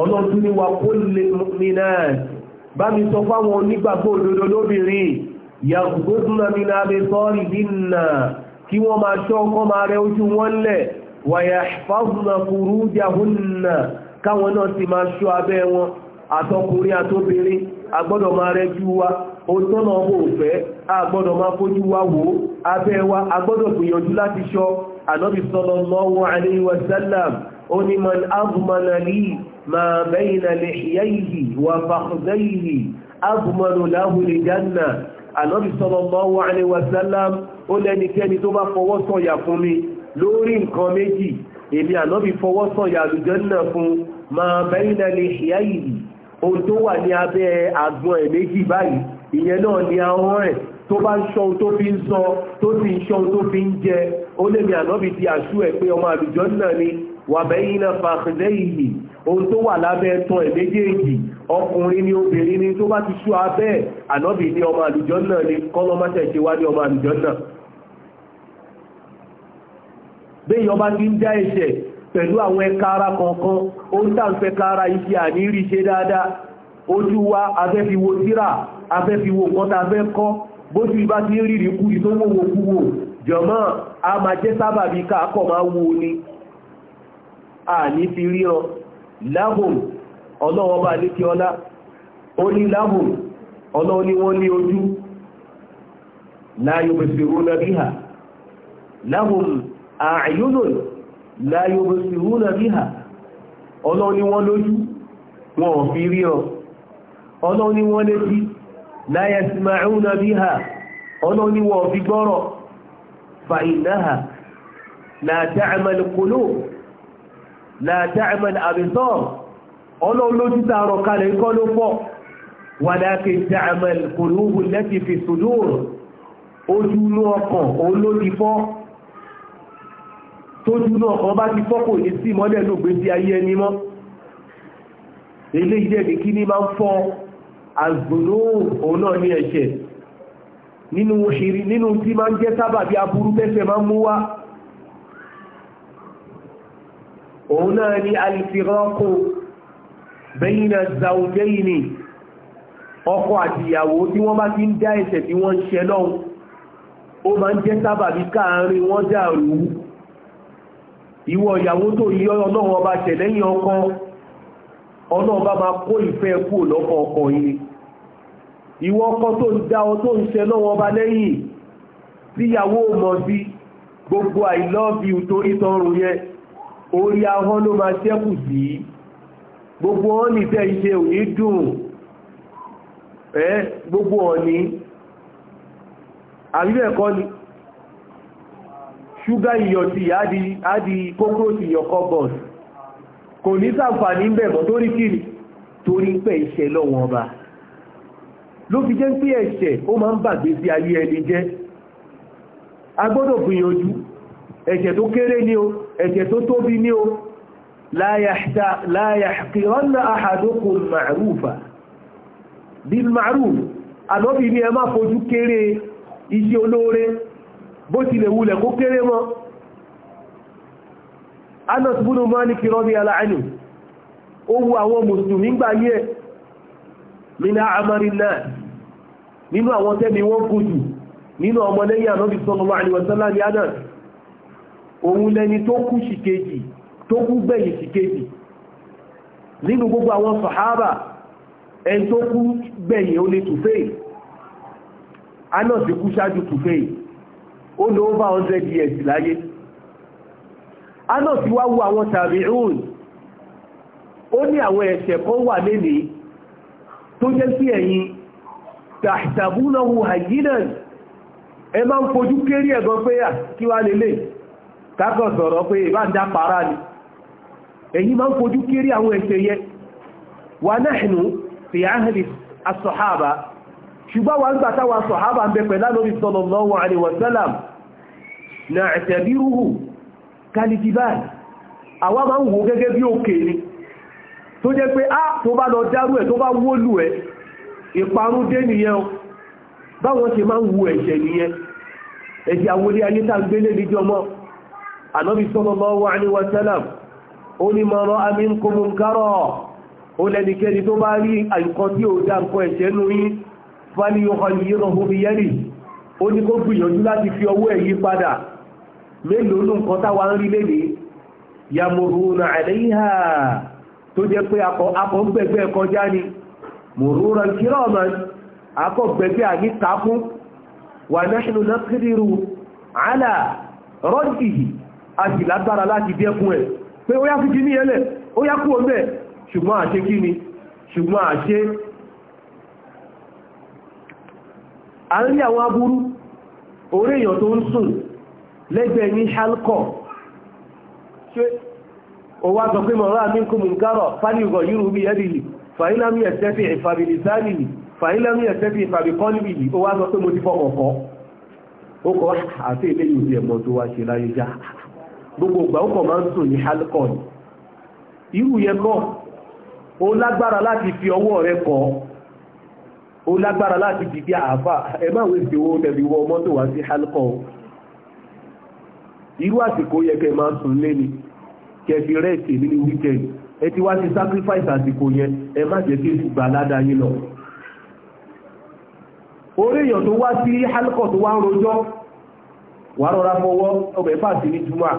wọ́n ti bá mi sọ fáwọn onígbàgbọ́ òdodo lóbìnrin yàgùgbógúnmá mi náà bẹ sọ́ọ̀rì dínà kí wọ́n máa ṣọ́ kọ́ máa rẹ ojú wọn lẹ̀ wàyà fáfúnà kúrú jàhúnnà káwọn náà sì máa ṣọ́ abẹ́ wọn àtọkùnrin àtobìnrin agbọ́dọ̀ máa rẹ jú wa ó tọ́nà ọmọ òfẹ́ agbọ́dọ̀ máa fojú wa wò abẹ́ wa agbọ́dọ̀ gbìyànjú láti ṣọ́ ànábì sallallahu alaihi wasallam ó ní man ما بين لحييه وفخذيه أضمن له الجنة النبي صلى الله عليه وسلم ó lẹ́nikẹ́ni tó bá fọwọ́ sọ̀yà fún mi lórí nǹkan méjì èmi ànábì fọwọ́ sọ̀yà àlùjànnà fún ma bayna lihiyaihi ohun tó wà ní abẹ́ àgbọn ẹ̀ méjì báyìí ìyẹn náà ni ahọ́n rẹ̀ tó bá ń sọ ohun tó fi ń sọ tó sì ń sọ tó fi ń jẹ ó lẹ́mi ànábì ti àṣú ẹ̀ pé ọmọ àlùjànnà ni wa bayna fakhidhayhi ohun tó wà lábẹ́ tán ẹ̀ méjèèjì ọkùnrin ni obìnrin ni tó bá ti ṣú abẹ́ ànábì ní ọmọ àlùjọ náà ni kọ́lọ́ má tẹ̀ṣe wá ní ọmọ àlùjọ náà bẹ́ẹ̀ ọba ti ń já ẹ̀ṣẹ̀ pẹ̀lú àwọn ẹ̀ka ara kọ̀ọ̀kan ó ń tà ń fẹ́ ká ara iṣẹ́ àní rí a fẹ́ jẹ́ sábàbí káàkọ̀ máa wo ni àní fi ríran láhùn ọlọ́wọ́ bá ní kí ọlá ó ní láhùn ọlọ́wọ́ ní wọ́n ní ojú ha wọ́n fi rí ọ gbọ́rọ̀ fa ìnáhà láti látàmàlì àbẹ̀sọ́ ọlọ́run lójú tààrọ̀ kalẹ̀ ikọ́ ló pọ̀ wàláàkì tààmàlì kòlúhù lẹ́tì fi sùdúr ojú inú ọkàn òun ló ti fọ́ tójú inú ọkàn bá ti fọ́ kò ní sí mọ́lẹ̀ ló gbé sí ayé ẹni mọ́ ilé iṣẹ́ ní kí ní máa ń fọ́ àgbòrò òun náà ní ẹ̀ṣẹ̀ nínú tí máa ń jẹ́ sábàbí aburú tẹ́sẹ̀ máa ń mú wá òun náà ni alifirọ́kù bẹ́yìnà zaujẹ́yìnì ọkọ àti tí wọ́n bá ti ń dá ẹ̀ṣẹ̀ tí wọ́n ń ṣe lọ́wọ́ ó máa ń jẹ́ sábàbí káàárín wọ́n dàrú ìwọ ìyàwó tó yí ọlọ́run bá máa kó gbogbo i love you torí tọrùn yẹn orí ahọ́n ló máa ṣẹ́kù sí gbogbo ọ̀nì tẹ́ ṣe òní dùn ẹ́ gbogbo ọ̀nì àríwẹ̀kọ́ ni ṣúgá iyọ̀ ti àdí kókó ti yọkọ́ bọ̀s kò ní sàǹfààní bẹ̀mọ̀ torí kiri torí pẹ́ iṣẹ́ lọ́wọ́n ọba ló fi jẹ́ pé ẹ̀ṣẹ̀ ó máa ń bàgbé sí ayé ẹni jẹ́ a gbìyànjú ẹ̀ṣẹ̀ tó kéré ni o ẹ̀jẹ̀ tó tóbi ní o la yahqiranna ahadukum ma'rufa bil ma'ruf àlọ́bì ní ẹ má fojú kéré iṣẹ́ olóore bó tilẹ̀ wulẹ̀ kó kéré mọ́ Anas bunu Malik radiyallahu anhu ó wu àwọn mùsùlùmí gbà yí ẹ̀ min a'mari an-nas nínú àwọn tẹ́mi wọ́n gùn jù nínú ọmọlẹ́yìn àlọ́bì sallallahu alaihi òun lẹni tó kú ṣìkejì tó kú gbẹ̀yìn ṣìkejì nínú gbogbo àwọn sàhábà ẹn tó kú gbẹ̀yìn ó lè tùfẹ́ aná ti kú ṣáájú tùfẹ́ ó lọ over hundred years láyé aná ti wá wo àwọn tàbíùn ó ní àwọn ẹ̀ṣẹ̀ kan wà lénìí tó jẹ́ sí ẹ̀yìn tàbúnáwó hàyínà ẹ máa ń fojú kéré ẹ̀gọ́ pé à kí wá lélẹ́yìí kákan sọ̀rọ̀ pé ìbáǹdá para ni èyí máa ń fojú kiri àwọn ẹ̀ṣẹ̀ yẹ wa nahnu fi ahli as-sahaba ṣùgbọ́n wa ń gbà táwọn sọ̀hábà ń bẹ pẹ̀lá lórí sallallahu alaihi wa sallam na'tabiruhu kalidibal àwa máa ń wo gẹ́gẹ́ bí òkè ni ah, báwọn ṣe máa ń wo ẹ̀ṣẹ̀ nìyẹn ẹ̀ṣẹ̀ àwọlé ayé tá ń gbélé níjọ́ ànábì sallallahu alaihi wa sallam ó ní man ra'a minkum munkaran ó lẹ́nikẹ́ni tó bá rí àìkọ́ tí ó dá nǹkan ẹ̀ṣẹ̀ nú yín falyughayyirhu biyadihi ó ní kó gbìyànjú láti fi ọwọ́ ẹ̀ yí padà mélòó ló nǹkan táwa ń rí lénìí yamuruna ala raddihi a sì lágbára láti dẹ́kun ẹ̀ pé ó yá fi kíní ẹlẹ̀ ó yá kú ọmọ ẹ̀ ṣùgbọ́n àṣẹ kíni ṣùgbọ́n àṣẹ a ń rí àwọn aburú orí èèyàn tó ń sùn lẹ́gbẹ̀ẹ́ ní halkọ̀ ṣe ó wá sọ pé mọ̀rọ̀ àmì kò mú kárọ̀ fánígọ̀ yúrù bí ẹ́dìlì fàílámì ẹ̀sẹ́fì ìfàbìlìsánìlì ó kọ́ àti ilé ìwé ẹ̀mọ́ tó wá ṣe láyé já gbogbo ìgbà ó kàn máa ń sùn ní halcon irú yẹn kọ́ o lágbára láti fi ọwọ́ rẹ kọ́ ó lágbára láti dìbí àáfà ẹ máa wé sí owó tẹ̀lé wọ mọ́tò wá sí halcon irú àsìkò yẹ kẹ máa sùn lé ni kẹ fi rẹ́ẹ̀tì nínú wíkẹ̀ndì ẹ ti wá sí sacrifice àsìkò yẹn ẹ má jẹ́ kí èsì gbà ládàá yín lọ orí èèyàn tó wá sí halcon tó wá ń rojọ́ wàá rọra fọwọ́ ọbẹ̀ fàṣí ní jùmọ̀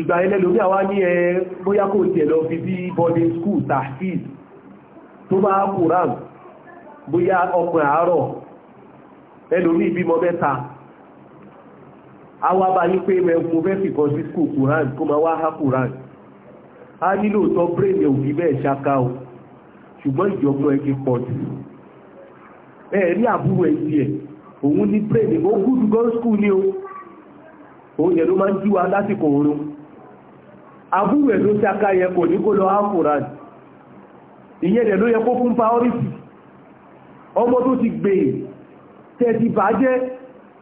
ìgbà ẹlẹ́lómi àwá ní ẹ bóyá kò tiẹ̀ lọ fi bí boarding school tahfiz tó bá kùrán bóyá ọkùnrin àárọ̀ ẹlòmí ìbímọ mẹ́ta àwa bá yí pé mo fẹ́ fìkan sí school kùrán kó wá kùrán a nílò tọ́ bírèdì òbí bẹ́ẹ̀ ṣáká o ṣùgbọ́n ẹgbẹ́ pọ̀ jù ẹ̀rí àbúrò ẹ̀ òun ní ó o òun ló máa àbúrò ẹ̀ ló ṣaká yẹ kò ní kó lọ áfòrán ìyẹn ló yẹ kó fún ọmọ tó ti gbé tẹ́ẹ̀tì bàjẹ́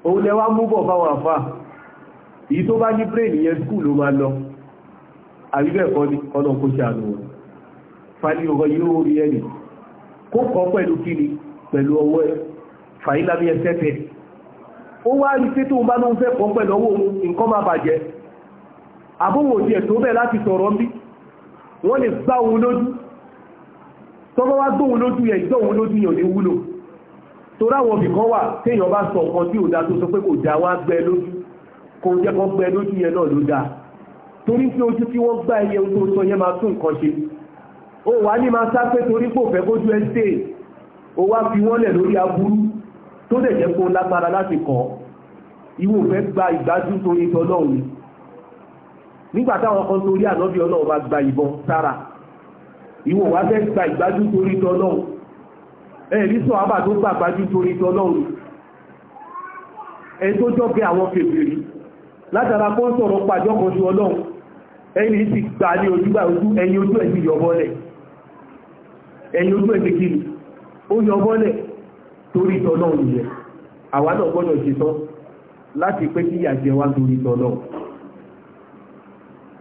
òun lẹ́wà múbọ̀ bá wà fà èyí tó bá ní brain yẹn skúl ló máa lọ àríbẹ̀kọ́ ní ọ̀nà kó ṣàánú wọn fàní yóò rí ẹni kó kọ́ pẹ̀lú kíni pẹ̀lú ọwọ́ ẹ ó wá àbúwò tí ẹ̀ tó bẹ̀ láti sọ̀rọ̀ ń bí wọ́n lè gbá òun lójú tọ́bọ́ wá gbóhun lójú yẹ ìgbóhun lójú yàn ní wúlò tó ráwọn bìkan wà téèyàn bá sọ nǹkan tí ò dá tó sọ pé kò dá wá gbẹ lójú kò jẹ́ kan gbẹ lójú yẹn náà ló dáa torí pé ojú tí wọ́n gbá ẹyẹ tó sọ yẹn máa tún nǹkan ṣe ó wà ní máa sá torí pò fẹ́ kójú ẹ ṣe ó wá fi wọ́n lẹ̀ lórí aburú tó dẹ̀ jẹ́ kó lágbára láti kọ́ ìwò fẹ́ gba ìgbájú torí tọ́lọ́run nígbà táwọn kan torí ànábì ọlọ́run bá gba ìbọn sára ìwọ wá fẹ́ gba ìgbájú torí tọlọ́run ẹ̀rí sọ àbà tó gbà gbájú torí tọlọ́run ẹ̀ tó jọ́gẹ́ àwọn fèfèrè látara kó ń sọ̀rọ̀ pàjọ́ kan sí ọlọ́run ẹni ti gbà ní ojúgbà ojú ẹ̀yìn ojú ẹ̀ ti yọbọ́lẹ̀ ẹ̀yìn ojú ẹ̀ ti kiri ó yọbọ́lẹ̀ torí tọlọ́run yẹ àwa náà gbọ́dọ̀ ṣetán láti pé kí ìyà jẹ torí tọlọ́run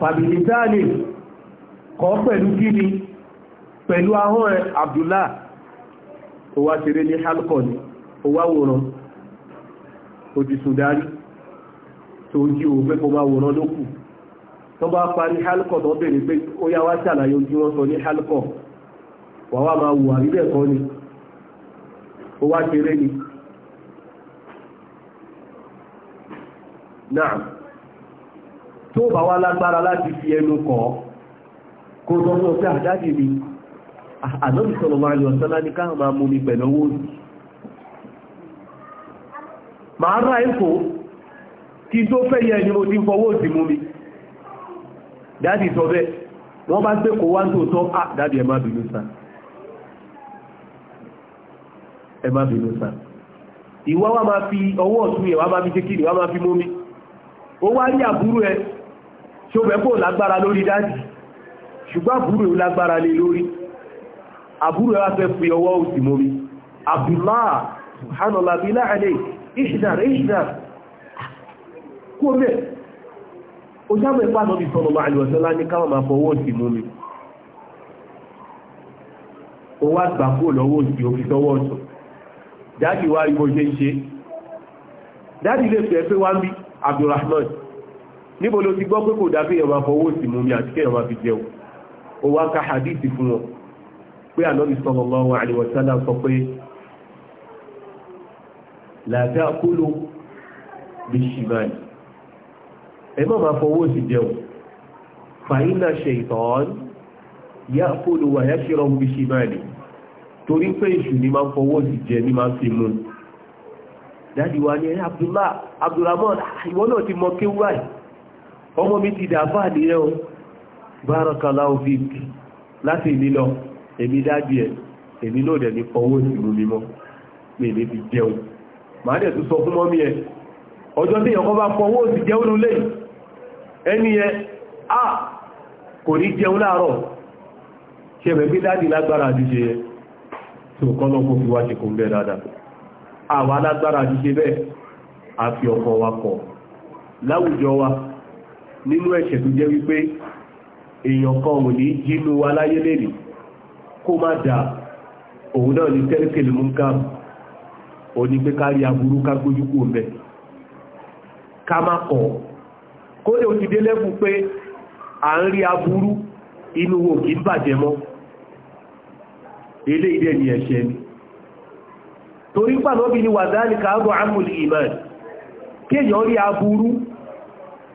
fàbílítàní kọ́ pẹ̀lú kíni pẹ̀lú ahọ́n ẹ̀ Abdullah ó wá ṣeré ní halkon ó wá wòrán ó ti sùn dárí tó jí o pé kó máa wòrán lókù tó bá parí halkon tó bèèrè pé ó yá wá ṣàlàyé ojú wọn sọ ní halkon wà wá máa wò àríbẹ̀ kan ni ó wá ṣeré ni Naam tó bá wá lágbára láti fi ẹnu kọ́ kó sọ fún ọpẹ́ ah, ah, àjáde ni ànábì sọ̀rọ̀ máa lè ọ̀sán láti káàmà mú mi pẹ̀lú owó rí màá rà èkó kí tó fẹ́ yẹ ni mo ti fọwọ́ sí mú mi dáàdì sọ bẹ́ẹ̀ wọ́n bá gbé kó wá tó tọ́ à ah, dáàdì ẹ má bínú sá ẹ má bínú sá ìwá wa máa fi ọwọ́ ọ̀tún yẹn wá máa fi ṣe kí ni wá máa fi mú mi ó wá rí àbúrú ẹ ṣó mẹ́kò lágbára lórí dájì ṣùgbọ́n àbúrò ẹ̀ lágbára lé lórí àbúrò ẹ̀ wá fẹ́ fi ọwọ́ òsì mórí Abdullah subhanallah billah alayhi ìṣìdàr ìṣìdàr kó mẹ́ o sábẹ̀ ipá lọ́bí sallallahu alaihi wasallam ní káwọn máa fọwọ́ òsì mórí ó níbo ló ti gbọ́ pé kò dá pé èèyàn máa fọwọ́ sí mú mi àti kéèyàn máa fi jẹun ó wá ka hadith fún wọn pé ànábì sallallahu alaihi wasallam sọ pé la ta'kulu bishimal ẹ má máa fọwọ́ sí jẹun fa inna shaytan ya'kulu wa yashrabu bishimal torí pé èṣù ni máa fọwọ́ sí jẹ ní máa fi mú dáàdì wa ni Abdullah Abdulrahman ìwọ náà ti mọ kéwú báyìí ọmọ mi ti dà bá nìyẹn o barakallahu fik láti ìlílọ èmi dájú ẹ̀ èmi náà dẹ̀ ní fọwọ́ ìrù mímọ́ mi ní fi jẹun máa dẹ̀ tún sọ fún mọ́mí ẹ̀ ọjọ́ tí ìyànkọ́ bá fọwọ́ òsì jẹun lè ẹni ẹ à kò ní jẹun láàárọ̀ ṣe mẹ́ bí dáàdì lágbára àdíṣe ẹ tí ò kọ́nà kó fi wá ṣe kò ń bẹ́ dáadáa àwa lágbára àdíṣe bẹ́ẹ̀ a fi ọkọ̀ wa kọ̀ láwùjọ wa nínú ẹ̀ṣẹ̀ tó jẹ́ wípé èèyàn kan ò ní jínú aláyé lèlì kó má dà òun náà ní tẹ́lẹ̀kẹ̀lẹ̀ mú ká ò ní pé kárí aburú ká gbójú kú mẹ́ ká má kọ̀ kó lè ti dé lẹ́bù pé à ń rí aburú inú wo kì í bàjẹ́ mọ́ ilé ìdẹ́ ni ẹ̀ṣẹ̀ ni torí pàlọ́bí ni wàdálì káàbọ̀ àmúlì ìmọ̀ kéèyàn rí aburú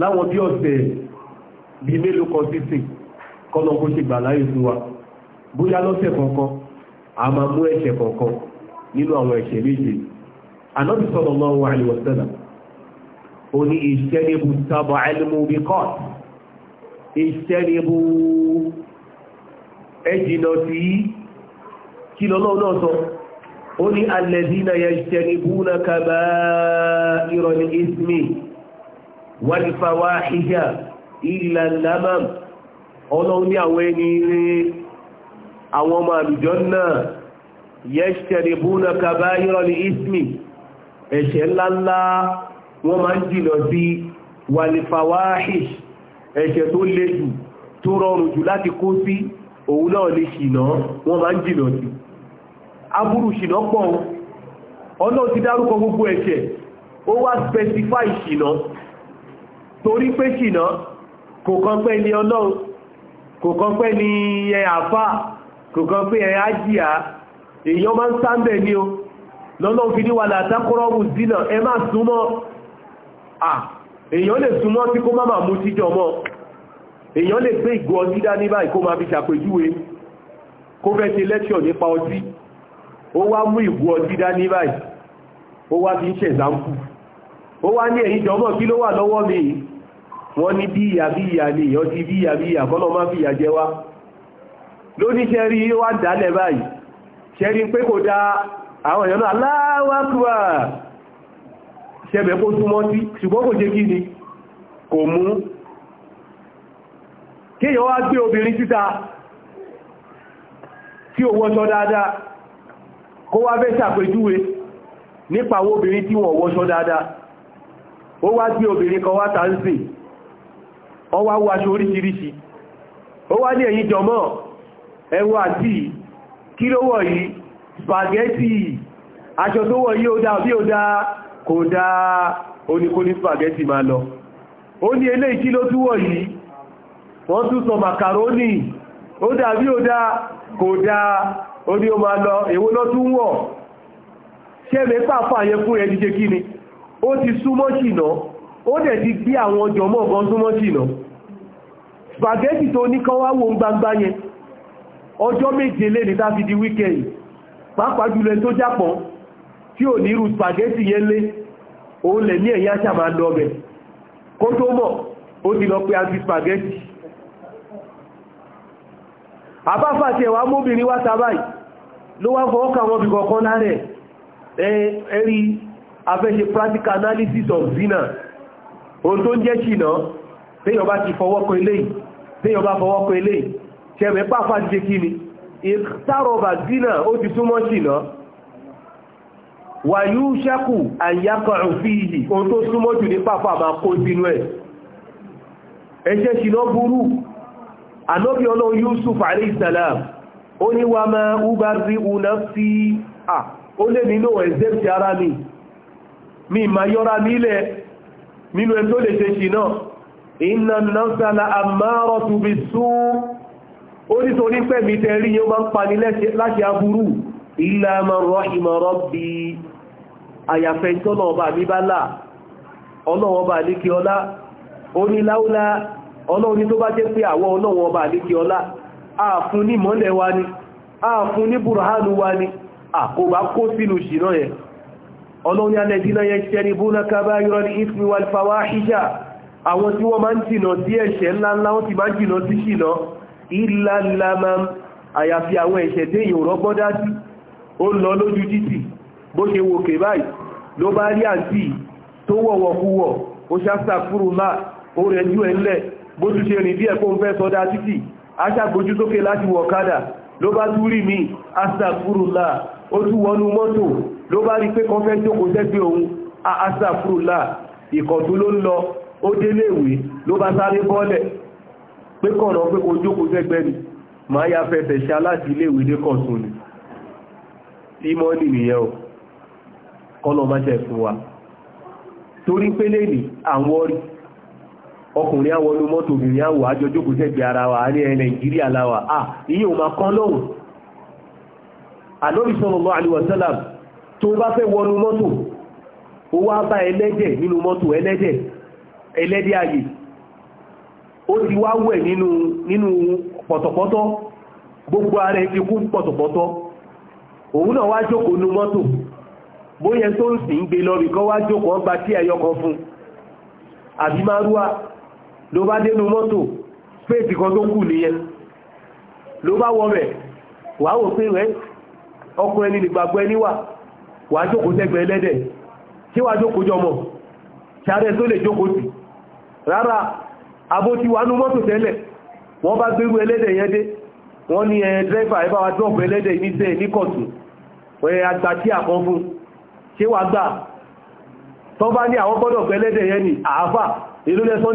láwọn bí ọ̀sẹ̀ bí mélòó kan sísìn kọ́nà kó ṣe gbà láyé fún wa bóyá lọ́sẹ̀ kọ̀ọ̀kan a máa mú ẹ̀ṣẹ̀ kọ̀ọ̀kan nínú àwọn ẹ̀ṣẹ̀ méje anábì sallallahu alaihi wasallam ó ní ìṣẹ́nibu sábà ẹlẹ́mọ̀bí kọ́t ìṣẹ́nibu ẹ̀jìnà sí kí wàlífàwà ìjà ilẹ̀ lámàm ọlọ́run ní àwọn ẹni rí àwọn ọmọ àlùjọ náà yẹ́ṣẹ̀rẹ̀ búnà kàbá ìrọ̀lẹ̀ ismi ẹ̀ṣẹ̀ ńláńlá wọ́n máa ń jìnà sí wàlífàwà ẹ̀ṣẹ̀ tó le jù tó rọrùn jù láti kó sí òun náà lè ṣìnà wọ́n máa ń jìnà torí pé ṣìnà kò kàn pé ní ọlọ́run kò kàn pé ní ẹ àfà kò kàn pé ẹ ájìyà èèyàn máa ń sáńbẹ̀ ní o lọ́nà fi ní wà látàkọ́rọ́wù zínà ẹ má súnmọ́ à èyàn lè súnmọ́ tí kó má má mú síjọ mọ́ èèyàn lè gbé ìgò ọtí dání báyìí kó máa fi ṣàpèjúwe kó fẹ́ ṣe lẹ́ṣọ̀ nípa ọtí ó wá mú ìgò ọtí dání báyìí ó wá fi ń ṣẹ̀záǹkù ó wá ní ẹ̀yìn jọmọ́ kí ló wà lọ́wọ́ mi yìí wọ́n ní bí ìyà bí ìyà ni ìyọ́ ti bí ìyà bí ìyà kọ́lọ́ máa fi ìyà jẹ wá lóníṣẹ́ rí wá dálẹ̀ báyìí ṣẹ́rí pé kò dá àwọn èèyàn náà aláwákúwà ṣẹ́bẹ̀ kó súnmọ́ sí ṣùgbọ́n kò jẹ́ kí ni kò mú kéèyàn wá gbé obìnrin síta tí ò wọṣọ dáadáa kó wá fẹ́ ṣàpèjúwe nípa àwọn obìnrin tí wọ́n ó wá gbé obìnrin kan wá tàǹsìn ọwá wọ aṣọ oríṣiríṣi ó wá ní ẹ̀yìn jọmọ́ ẹwọ àti kí ló wọ̀ yìí spaghetti aṣọ tó wọ̀ yìí ó dá bí ó dá kò dá oníkóní spaghetti máa lọ ó ní eléyìí kí ló túwọ̀ yìí wọ́n tún sọ macaroni ó dá bí ó dá kò dá ó ní ó máa lọ èwo ló tún wọ̀ ṣẹ́mẹ́ pàfà yẹ fún ẹ jíjẹ kí ni ó ti súnmọ́ ṣìnà ó dẹ̀ ti gbé àwọn ọjọ́ mọ́ gan súnmọ́ ṣìnà spaghetti tó ní kan wá wo gbangba yẹn ọjọ́ méje lè ní tàbí di wíkẹ̀ẹ̀ pàápàá jùlọ tó jápọ̀ tí ò ní spaghetti yẹn lé òun lẹ̀ ní ẹ̀yà sàmà lọ bẹ̀ kó tó mọ̀ ó ti lọ pé anti spaghetti àbáfàṣẹ wà móbìnrin wá sábàì ló wá fọwọ́ kàwọn bí kọ̀ọ̀kan lárẹ̀ ẹ̀rí afẹ́ṣe practical analysis of zina ohun tó ń jẹ́ ṣìnà téèyàn bá ti fọwọ́kọ eléyìí téèyàn bá fọwọ́kọ eléyìí ṣẹ̀mẹ̀ pàfà ti ṣe kí ni ìtàrọ̀bà dínà ó ti túmọ̀ ṣìnà wà yíó ṣẹ́kù àyàkọ̀ òfìyì ohun tó súnmọ́ jù ní pàfà máa kó sínú ẹ̀ ẹ̀ṣẹ̀ ṣìnà burú ànọ́bí ọlọ́run Yusuf alayhi salam ó ní wà máa ubarri nafsi à ó lè nínú ẹ̀zẹ́ ti ara mi mi ma yọra nílẹ̀ nínú ẹ̀ tó lè ṣe ṣìnà iná nọ́sàlá àmárọ̀ tó bí sún ó nítorí pẹ̀mí tẹ́rí yóò máa ń pani láti aburú ilẹ̀ àmọ̀rọ̀ ìmọ̀rọ̀ bí àyàfẹ́ tọ́nà ọba mi bá là ọlọ́wọ́ ọba àlékí ọlá ó ní láúlá ní tó bá jẹ́ ọba ní mọ́lẹ̀ ni wa ni àwọn tí wọ́n máa ń jìnà sí ẹ̀ṣẹ̀ ńláńlá wọ́n ti máa ń jìnà sí ṣìnà ìlàlámà àyàfi àwọn ẹ̀ṣẹ̀ déyìn òrọ́gbọ́dá sí ó lọ lójú títì bó ṣe wo kè báyìí ló bá rí àǹtí tó wọ̀wọ̀ kú wọ̀ ó ṣáṣà fúru má ó rẹ̀ jú ẹ̀ ńlẹ̀ bójú ṣe rìn bí ẹ̀kọ́ ń fẹ́ sọdá títì aṣàgbójú láti wọ̀ kádà ló bá tún rí mi aṣà fúru lá ó tún wọnú mọ́tò ló bá rí pé kan fẹ́ jókòó sẹ́gbẹ́ òun aṣà fúru lá ìkọ̀tún ló ń lọ ó délé ìwé ló bá sáré bọ́lẹ̀ pé kọ̀nà pé kò jókòó sẹ́gbẹ́ ni máa ya fẹsẹ̀ ṣá láti ilé ìwé dé kọ̀tún ni tí mọ́nì nìyẹn o kọ́nà má ṣe fún wa torí pé lè ní àwọn ọrí ọkùnrin àwọn ọdún mọ́tò obìnrin àwọ̀ àjọ jókòó sẹ́gbẹ́ ara wa ní ẹ̀ nàìjíríà láwà tó bá fẹ́ wọnú mọ́tò ó wá bá ẹlẹ́jẹ̀ nínú mọ́tò ẹlẹ́jẹ̀ ẹlẹ́dẹ̀ ayé ó ti wá wẹ̀ nínú pọ̀tọ̀pọ̀tọ̀ gbogbo ara ti kú pọ̀tọ̀pọ̀tọ̀ òun náà wá jókòó nu mọ́tò bóyẹ tó ń sì ń gbé lọ rìkọ́ wá jókòó gba tí fún àbí lo ló bá dénú mọ́tò fèèsì kan tó kù nìyẹn ló bá wọ rẹ̀ wàá wò pé rẹ̀ ẹni wà wàá jókòó sẹ́gbẹ̀ẹ́ ẹlẹ́dẹ̀ tí wàá jókòó jọmọ̀ sáré tó lè jókòó sí rárá abó ti wà ní mọ́tò tẹ́lẹ̀ wọ́n bá gbérú ẹlẹ́dẹ̀ yẹn dé wọ́n ní ẹ̀yẹn dẹ́fà ẹ wa dọ́ọ̀bù ẹlẹ́dẹ̀ ní ní kọ̀tù tí fún ṣe wàá gbà tó bá ní àwọn gbọ́dọ̀ ẹlẹ́dẹ̀ yẹn ní àáfà èló lẹ́sọ́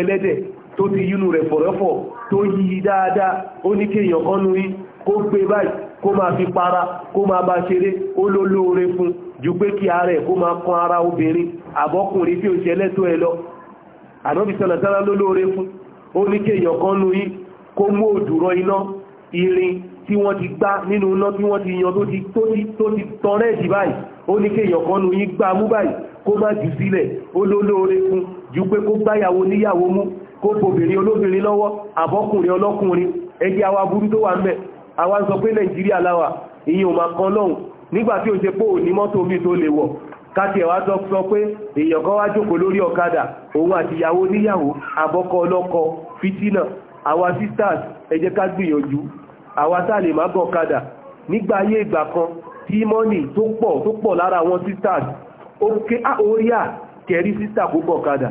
naira tó ti yínú rẹ̀ fọ̀rọ̀fọ̀ tó yí dáadáa ó ní kéèyàn kan nú yí kó gbé báyìí kó máa fi para kó máa bá ṣeré ó lólóore fún ju pé kí ara ẹ̀ kó máa kan ara obìnrin àbọ́kùnrin tí ó ṣẹlẹ̀ tó ẹ lọ ànábì sọ̀nàtàrà lólóore fún ó ní kéèyàn kan nú yí kó mú òdùrọ̀ iná irin tí wọ́n ti gbá nínú iná tí wọ́n ti yan tó ti tó jì báyìí ó ní kéèyàn kan nú gbá mú báyìí kó má jù sílẹ̀ ó lólóore fún ju pé kó gbáyàwó níyàwó mú kó bòbìnrin olóbìnrin lọ́wọ́ àbọ́kùnrin ọlọ́kùnrin ẹgbẹ́ àwa burú tó wà ń bẹ̀ àwa ń sọ pé nàìjíríà láwà ìyẹn ò máa kan lọ́hùn nígbà tí ó ṣe pé òní mọ́tò mi tó lè wọ̀ káti ẹ̀wà sọ sọ pé èèyàn kan wá jókòó lórí ọ̀kadà òun àti ìyàwó níyàwó àbọ́kọ ọlọ́kọ fítínà àwa sisters ẹ ká gbìyànjú àwa tá lè má bọ̀ ọ̀kadà nígbà ayé ìgbà kan tí mọ́nì tó pọ̀ tó pọ̀ lára àwọn sisters ó ké àórí ah, à ah, kẹrí sísà kó bọ̀ ọ̀kadà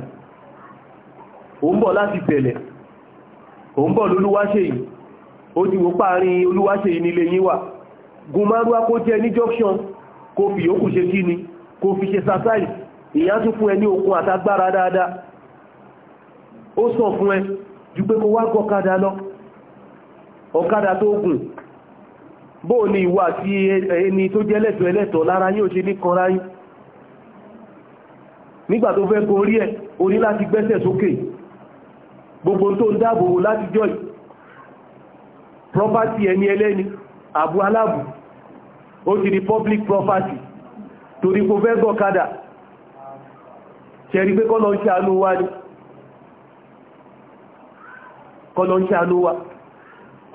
ò ń bọ̀ láti tẹ̀lẹ̀ ò ń bọ̀ lólúwáṣẹ́ yìí ó ti wò páàrin ni yìí nílé yín wà gun kó jẹ́ ní junction kó fi yókù ṣe kí ni kó fi ṣe sasáì ìyá tún fún ẹ ní okun dáadáa sọ fún ẹ ju pé kó wá lọ ọ̀kadà tó gùn bó ní ìwà àti ẹni tó jẹ́ lẹ́tọ̀ ẹlẹ́tọ̀ lára yóò ṣe nígbà tó fẹ́ gorí ẹ̀ o ní láti gbẹ́sẹ̀ sókè gbogbo tó ń dáàbò látijọ́ yìí property ẹni ẹlẹ́ni àbú aláàbù ó ti di public property torí kò fẹ́ gọ̀kadà ṣẹ̀rí pé kọ́lọ̀ ń ṣàánú wa ni kọ́lọ̀ ń ṣàánú wa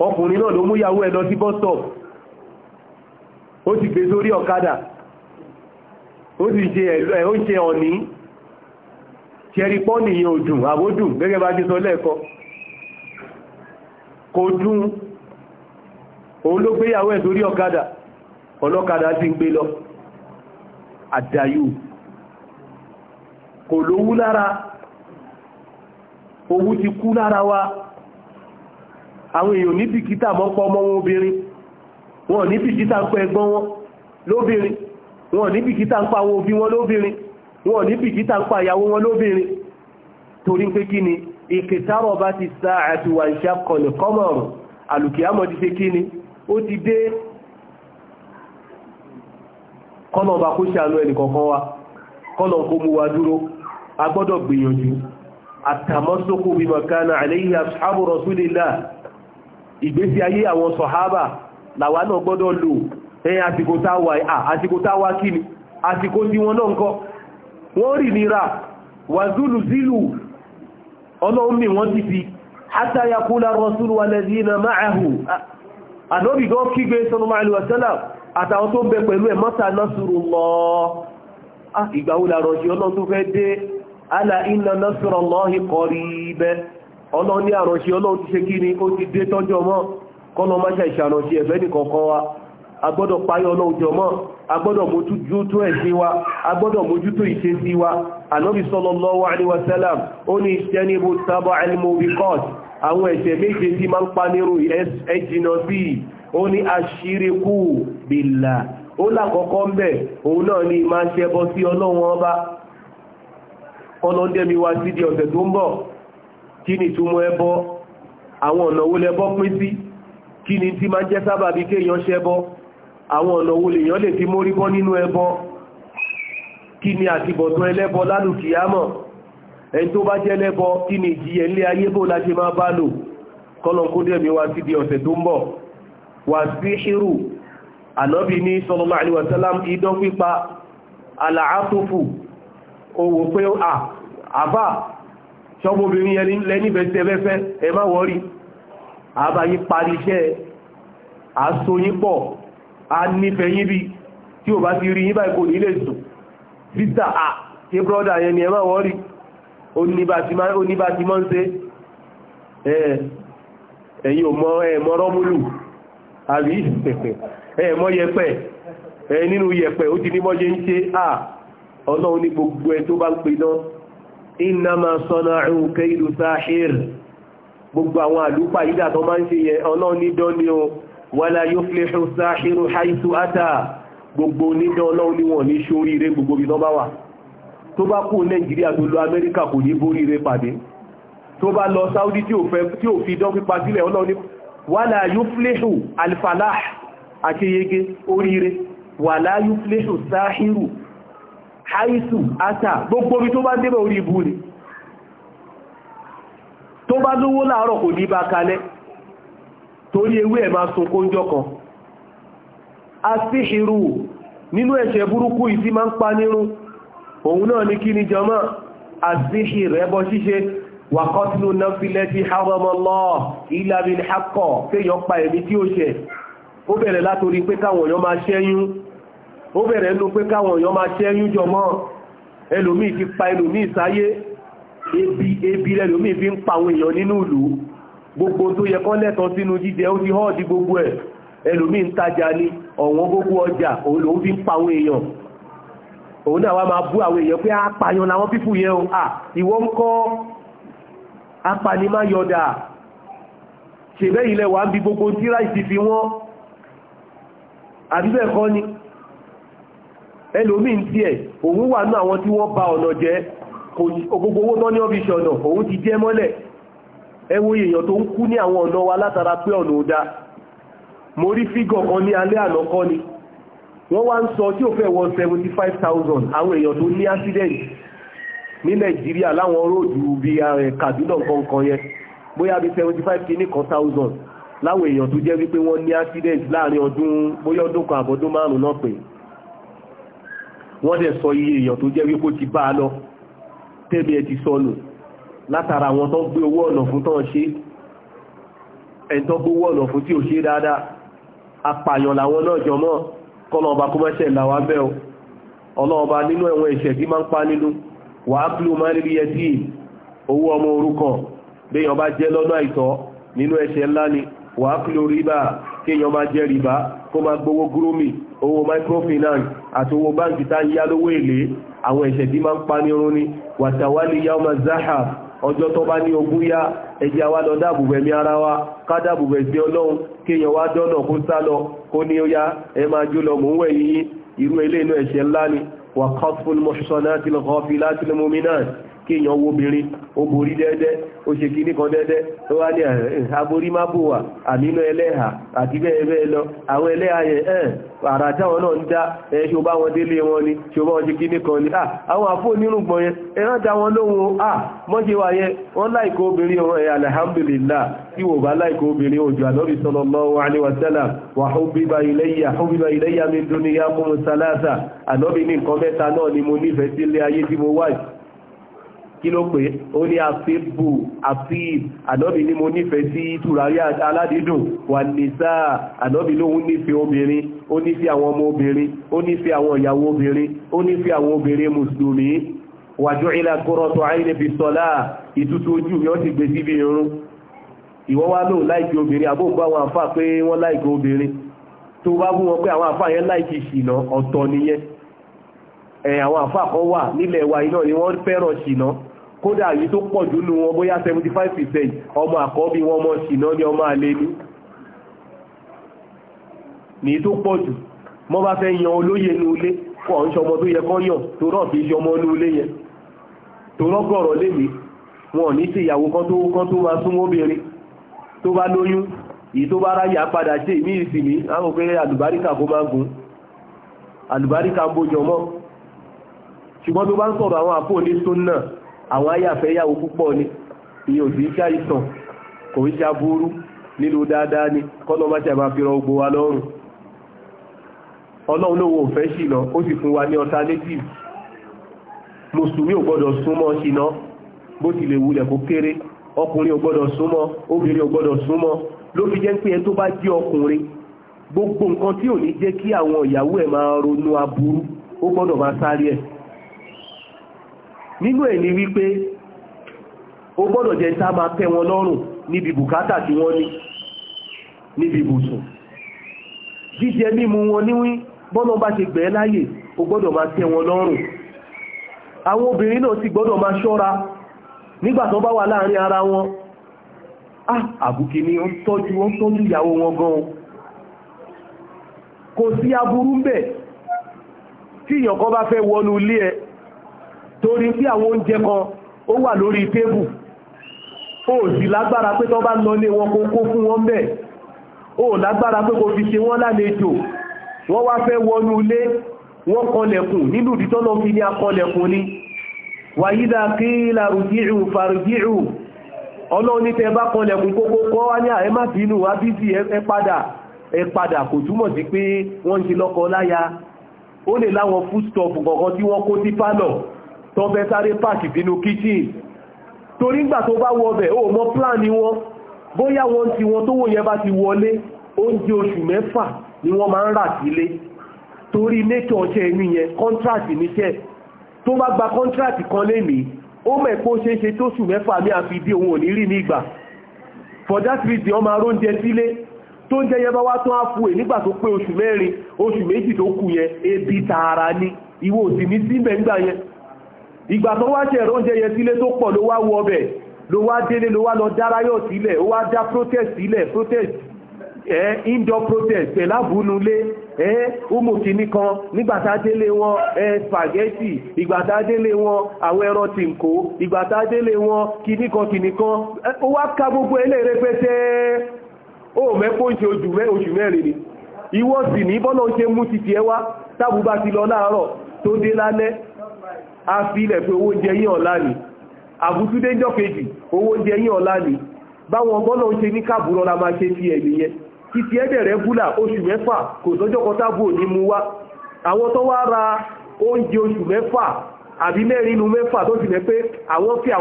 ọkùnrin náà ló mú ìyàwó ẹ̀ lọ sí bus ó ti gbé sórí ọ̀kadà ó sì ṣe ọ̀ní ṣẹ́rí pọ́nì yẹn òdùn àwódùn gẹ́gẹ́ bá ti sọ lẹ́ẹ̀kọ́ kò dùn òun ló gbéyàwó ẹ̀ sórí ọ̀kadà ọlọ́kadà ti ń gbé lọ àdáyù kò lówú lára owú ti kú lára wa àwọn èèyàn ní bìkítà mọ́pọ̀ ọmọ wọn obìnrin wọn ní bìkítà ń pẹ́ ẹgbọ́n wọn lóbìnrin wọn ní bìkítà ń pa àwọn òbí wọn lóbìnrin wọn ní bìkítà ń pa ìyàwó wọn lóbìnrin torí pé kí ni ìkẹtàrọ̀ bá ti sa àti wà ìṣà kọ̀nì kọ́mọ̀rùn àlùkìyàmọ̀ ti ṣe kí ni ó ti dé kọ́nà ọba kó ṣàánú ẹnì kọ̀ọ̀kan wa kọ́nà kó mú wa dúró a gbọ́dọ̀ gbìyànjú àtàmọ́sókò bí makana àlẹ́yìn ashabu rasulillah ìgbésí ayé àwọn sọ̀hábà làwa náà gbọ́dọ̀ lò ẹ̀yìn àsìkò táwa kí ni àsìkò tí wọn náà ń kọ́ wọ́n rí nira wàzúlù zílù ọlọ́run mi wọ́n ti fi hatta yakula rasulu walladhina ma'ahu ànọ́bì gan kígbe sallallahu alaihi wasallam àtàwọn tó bẹ pẹ̀lú ẹ̀ ah, tó ala inna nasrallahi qarib ọlọ́run ní àrọ̀ṣì ọlọ́run ti ṣe agbọ́dọ̀ páyọ́ ọlọ́ọ̀jọ́ mọ́ agbọ́dọ̀ mójútó ẹ̀sìn wa agbọ́dọ̀ mójútó ìṣesí wa ànábì sallallahu alaihi wasallam ó ní ìṣẹ́nibù sábà al-mubiqat àwọn ẹ̀ṣẹ̀ méje tí máa ń pa nírò ni máa ṣẹbọ sí ọlọ́run ọba ọlọ́dẹ́mi wa sí di ọ̀sẹ̀ tó ń bọ̀ kí ni túmọ̀ àwọn ọ̀nà wo lèèyàn lè fi mórí bọ́ nínú ẹbọ kí ni àtibọ̀tán ẹlẹ́bọ lálùkìyámọ̀ ẹni tó bá jẹ́ lẹ́bọ kí ni ìjìyẹ ilé ayé bó la ṣe máa bá lò kọ́lọ̀kúndẹ̀mí wa sí di ọ̀sẹ̀ tó ń bọ̀ wà sí ṣírù ànábì ní sallallahu alaihi pọ̀ a nífẹ̀ẹ́ yín bí tí ò bá ti rí yín báyìí kò ní lè sùn sísà à ṣe brọ́dà yẹn ni ẹ máa wọ́n rí oníbà ti mọ́ ń ṣe ẹ̀yìn ò mọ́ ẹ̀mọ́ rọ́múlù àbí ẹ̀mọ́ yẹpẹ̀ ẹ̀ nínú yẹpẹ̀ ó ti ní mọ́ ṣe ń ṣe à ọlọ́run ní gbogbo ẹ tó bá ń pe náà gbogbo àwọn àlúpàá ìdàtọ́ máa ń ṣe yẹ ọlọ́run ní ni o wala yuflihu sahiru haythu ata gbogbo onídán ọlọ́run ni wọ́n ní ṣórí ire gbogbo ibi tó bá wà tó bá kú nàìjíríà tó lọ amẹ́ríkà kò ní borí ire pàdé tó bá lọ saudi tí ò fi dán pípa sílẹ̀ ọlọ́run ní wala yuflihu torí ewé ẹ̀ máa sun kóńjọ́ kan asíhìrù nínú ẹ̀ṣẹ̀ burúkú ìtí máa ń pa nírun òun náà ní kí ni jọmọ́ asíhìrù ẹbọ ṣíṣe wà kọ́tínú náà fi lẹ́tí haramallah ìlàbí hakọ̀ kéèyàn pa ẹ̀mí tí ó ṣẹ̀ ó bẹ̀rẹ̀ látorí pé káwọn èèyàn máa ṣẹ́yún ó ti pa ẹlòmíì sáyé ebi ebi lẹ́lòmíì fi ń pa àwọn èèyàn nínú ìlú gbogbo tó yẹ kọ́ lẹ́tọ̀ọ́ sínú jíjẹ ó ti họ́ọ̀dì gbogbo ẹ̀ ẹlòmí ń tajà ní ọ̀wọ́n gbogbo ọjà òun lòun fi ń pa àwọn èèyàn òun náà wá máa bú àwọn èèyàn pé ah, apàyàn làwọn pípù yẹn o à ah, ìwọ ń kọ́ apanimáyọ̀dà ṣèbẹ́ ilẹ̀ wà ń bi gbogbo tí ráìsì fi wọ́n àbíbẹ̀ kọ́ ni ẹlòmí ń tiẹ̀ òun wà ní àwọn tí wọ́n ba ọ̀nà jẹ́ gbogbo owó tán ní ọ́fíìsì òun ti jẹ́ mọ́lẹ̀ ẹ wo èèyàn tó ń kú ní àwọn ọ̀nà wa látara pé ọ̀nà ò dáa fígọ̀ kan ní alẹ́ àná ni wọ́n wá ń sọ tí ò fẹ́ wọ seventy five thousand àwọn èèyàn tó ní accident ní nàìjíríà láwọn róòdù bíi eh, Kaduna kankan yẹn bóyá bíi seventy five kìíní kan thousand láwọn èèyàn tó jẹ́ wípé wọ́n ní accident láàrin ọdún bóyá ọdún kan àbọ̀dún márùn-ún náà pè wọ́n dẹ̀ sọ iye èèyàn tó jẹ́ wípé ó ti bá a lọ tẹ́lẹ̀ ti sọnù látara àwọn tó ń gbé owó ọ̀nà fún tó ń ṣe ẹ̀ntọ́ gbówó ọ̀nà fún tí ò ṣe dáadáa apàyàn làwọn náà jọ mọ́ kọ́lọ̀ọba kó mẹ́ṣẹ̀ làwà bẹ́ o ọlọ́ọba nínú ẹ̀wọ̀n ìṣẹ̀ tí máa ń pa nínú wà á kúlò máa rí ẹ tí owó ọmọ òrukàn béèyàn bá jẹ́ lọ́nà àìtọ́ nínú ẹ̀ṣẹ̀ ńlá ni wà àwọn ẹ̀ṣẹ̀ máa ń pa nírun ni wàtàwálì yawma zahab ọjọ́ tó bá ní ogún yá ẹjẹ́ wa lọ dáàbùbẹ̀ mi ara wa ká dáàbùbẹ̀ sí ọlọ́run kéèyàn wá dọ́nà kó sá lọ kó ní ó yá ẹ máa jó lọ mò ń wẹ̀ yín irú ilé inú ẹ̀ṣẹ̀ ńlá ni wà kọ́sùn mọ́ṣọ́nà tí lọ́kọ́ fi láti lọ́mọmí náà kéèyàn wo obìnrin ó borí dẹ́dẹ́ ó ṣe kíní kan dẹ́dẹ́ ó wá ní aborí má bò wà àmínú ẹlẹ́hà àti bẹ́ẹ̀ bẹ́ẹ̀ lọ àwọn ẹlẹ́hà yẹn ẹ̀ àrà táwọn náà ń dá wọn délé wọn ni ṣe bá wọn ṣe kan ni àwọn onírùngbọ̀n yẹn wọn lóhun à mọ́ṣe wà wọ́n láìkó obìnrin wọn ẹ̀ alhamdulillah tí wò bá láìkó obìnrin òjò wà mú mu sálásà ní nǹkan mẹ́ta náà ni mo nífẹ̀ẹ́ sílé ayé tí mo kí ló pé ó ní àfíbù àfíb ànọ́bì ní mo nífẹ̀ẹ́ sí tùràrí aládídùn wà nìsá ànọ́bì lóhun nífẹ̀ẹ́ obìnrin ó nífẹ̀ẹ́ àwọn ọmọ obìnrin ó nífẹ̀ẹ́ àwọn ìyàwó obìnrin ó nífẹ̀ẹ́ àwọn obìnrin mùsùlùmí wàjú ilẹ̀ kọ́rọ̀tọ̀ àìní fi sọ́lá ìtútù ojú mi ó ti gbé síbi irun ìwọ́n wá lóò láìkí obìnrin àbóǹbá àwọn àfà pé wọ́n láìkí obìnrin tó bá bú wọn pé àwọn àfà yẹn láìkí ṣìnà ọ̀tọ̀ nìyẹn ẹ̀ àwọn àfà kan wà nílẹ̀ wa iná ni wọ́n fẹ́ràn ṣìnà kódà yìí tó pọ̀ jù nínú wọn bóyá 75% ọmọ àkọ́bí wọn mọ́ ṣìná ní ọmọ alẹ́ ní ní tó pọ̀ jù mọ́ bá fẹ́ yan olóyè ní ilé kọ́ ń ṣọmọ tó yẹ kọ́ yàn tó rọ̀ fi ṣọmọ ní ilé yẹn tó rọ́gọ̀rọ̀ lémi wọn ò ní sí ìyàwó kan tó kan tó máa súnmọ́ obìnrin tó bá lóyún èyí tó bá ráyà padà ṣe ìmí ìsinmi àwọn òpin àlùbáríkà kó máa gùn àlùbáríkà ń bójọ mọ́ ṣùgbọ́n tó bá ń sọ̀rọ̀ àwọn àpò ní náà àwọn ayàfẹ́yàwó púpọ̀ ni ìyẹn òsì iṣẹ́ àìsàn kò ń ṣàbúrú nínú dáadáa ni kọ́nà má ṣe máa fi rọ gbogbo wa lọ́rùn ọlọ́run lówó òfẹ́ ṣìnà ó sì fún wa ní alternative mùsùlùmí ò gbọ́dọ̀ súnmọ́ ṣìnà bó tilẹ̀ wulẹ̀ kó kéré ọkùnrin ò gbọ́dọ̀ súnmọ́ obìnrin ò gbọ́dọ̀ súnmọ́ ló fi jẹ́ pé ẹni tó bá jẹ́ ọkùnrin gbogbo nǹkan tí ò ní jẹ́ kí àwọn ìyàwó ẹ̀ máa ronú aburú ó gbọ́dọ̀ máa sáré ẹ̀ nínú ẹ̀ ni wípé ó gbọ́dọ̀ jẹ́ tá máa tẹ́ wọn lọ́rùn níbi bùkátà tí wọ́n ní níbi ibùsùn jíjẹ mímu wọn níwí bọ́nà bá ṣe gbẹ̀ẹ́ láyè ó gbọ́dọ̀ máa tẹ́ wọn lọ́rùn àwọn obìnrin náà sì gbọ́dọ̀ máa ṣọ́ra nígbà tó bá wà láàrin ara wọn àbùkì ni ó tọ́jú ó tọ́jú ìyàwó wọn gan kò sí aburú ń bẹ̀ tí ìyànkan bá fẹ́ wọnú ilé ẹ torí bí àwọn oúnjẹ kan ó wà lórí tébù ó sì lágbára pé tó bá lọ lé wọn kó kó fún wọn bẹ́ẹ̀ ó lágbára pé kò fi ṣe wọ́n lálejò wọ́n wá fẹ́ wọnú ilé wọ́n kọlẹ̀kùn nínú ìdítọ́nà fi ní akọlẹ̀kùn ni wàyídà kí làrùjíhù fàrùjíhù ọlọ́run ní tẹ́ bá kọlẹ̀kùn kókó kọ́ wá ní àẹ́mà bínú àbíjì ẹ padà ẹ padà kò túmọ̀ sí pé wọ́n ń ṣe lọ́kọ láya ó lè láwọn foodstuff kọ̀ọ̀kan tí wọ́n kó sí pálọ̀ tó fẹ́ sáré páàkì bínú kitchen torí ngbà tó bá wọ bẹ̀ ó mọ plan ni wọn bóyá wọn ti wọn tó wò bá ti wọlé oúnjẹ oṣù mẹ́fà ni wọ́n máa ń rà sílé torí nature ọ̀ṣẹ́ inú yẹn contract níṣẹ́ tó bá gba contract kan mi. ó mẹ́kó ṣeéṣe tó oṣù mẹ́fà ní àfi dí òun ò ní rí nígbà for that reason ọmọ aróúnjẹ sílé tó ń jẹyẹ bá wá tán á fún ẹ nígbà tó pé oṣù mẹ́rin oṣù méjì tó kù yẹn ebi tààrà ni ìwọ òsì ní síbẹ̀ nígbà yẹn ìgbà tó wá jẹ̀rọ oúnjẹ yẹn sílé tó pọ̀ ló wá wọ ọbẹ̀ ló wá délé ló wá lọ dára yọ̀ sílẹ̀ ó wá dá protest sílẹ̀ protest ẹ indoor protest pẹ̀lábùnulé ẹ umukini kan nígbàtá délé wọn ẹ spaghetti ìgbàtá délé wọn àwọn ẹran tí ń kó ìgbàtá délé wọn kìníkan kìníkan ó wá ká gbogbo eléré pẹ́tẹ́ ó mẹ́pọ̀ ń ojú mẹ́ oṣù mẹ́rin ni ìwọ sì ní bọ́lọ̀ ń ṣe mú títí ẹ wá tábùbá ti lọ láàárọ̀ tó dé lálẹ́ a fi ilẹ̀ pé owó oúnjẹ yín ọ̀la ni àbútúdé jọ kejì owó oúnjẹ yín ọ̀la ni báwọn ọgbọ́nà ń ṣe ní kàbúrọ̀ la máa ṣe ti ẹ̀ nìyẹn títí ẹ̀dẹ̀ rẹ́gúlà oṣù mẹ́fà kò sọ́jọ́ kan tábù òní mu wá àwọn tó wá ra oúnjẹ oṣù mẹ́fà àbí mẹ́rin inú mẹ́fà tó ti lẹ́ pé àwọn fi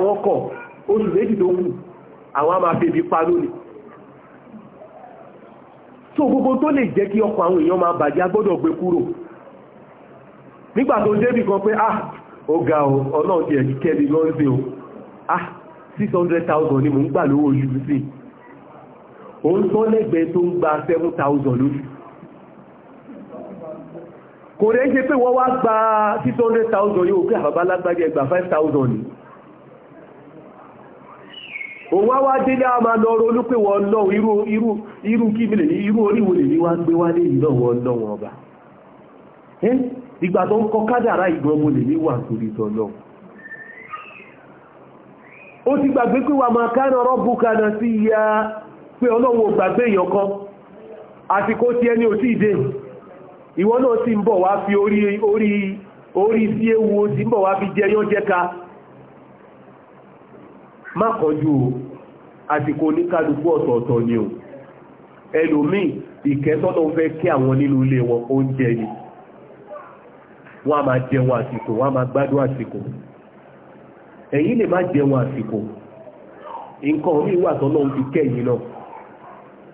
a máa fi ebi pa lónìí tó gbogbo tó lè jẹ́ kí ọkọ̀ àwọn èèyàn máa bàjẹ́ agbọ́dọ̀ gbé kúrò nígbà tó débì kan pé ah ó ga o ọlọ́run ti ẹ̀kí kẹ́ni lọ́nṣẹ́ o ah 600,000 ni mò ń gbà lówó oṣù sí o ń tọ́ lẹ́gbẹ̀ẹ́ tó ń gba 7,000 lóṣù kò rẹ̀ ṣe pé wọ́n wá gba 600,000 yóò pé àbábá lágbàjẹ́ gba 5,000 ni òun wá wá délé a máa lọ ronú pé wọ́n lọ irú kí mílẹ̀ ní irú oríwò lè ní wá gbé wá lè ìlọ́wọ́ ọlọ́wọ́ ọba ìgbà tó ń kọ kádàrá ìgbọ́n mo lè níwà torí tọ́lọ ó ti gbàgbé pé wà máa kánà rọ́bù kánà sí ya pé ọlọ́run ò gbàgbé èèyàn kan àti kó tí ẹni ò tí ìdè ìwọ náà sì ń bọ̀ wá fi orí orí orí sí ewu ó sì ń bọ̀ wá fi jẹ yán jẹ́ka má kọjú o àsìkò oníkálukú ọ̀tọ̀ọ̀tọ̀ ni o ẹlòmíì ìkẹ́tọ́nà fẹ́ kí àwọn nínú ilé wọn oúnjẹ ni wọ́n á máa jẹun àsìkò wọ́n á máa gbádùn àsìkò ẹ̀yin lè má jẹun àsìkò nǹkan omi wà tọ́nà fi kẹ́yìn náà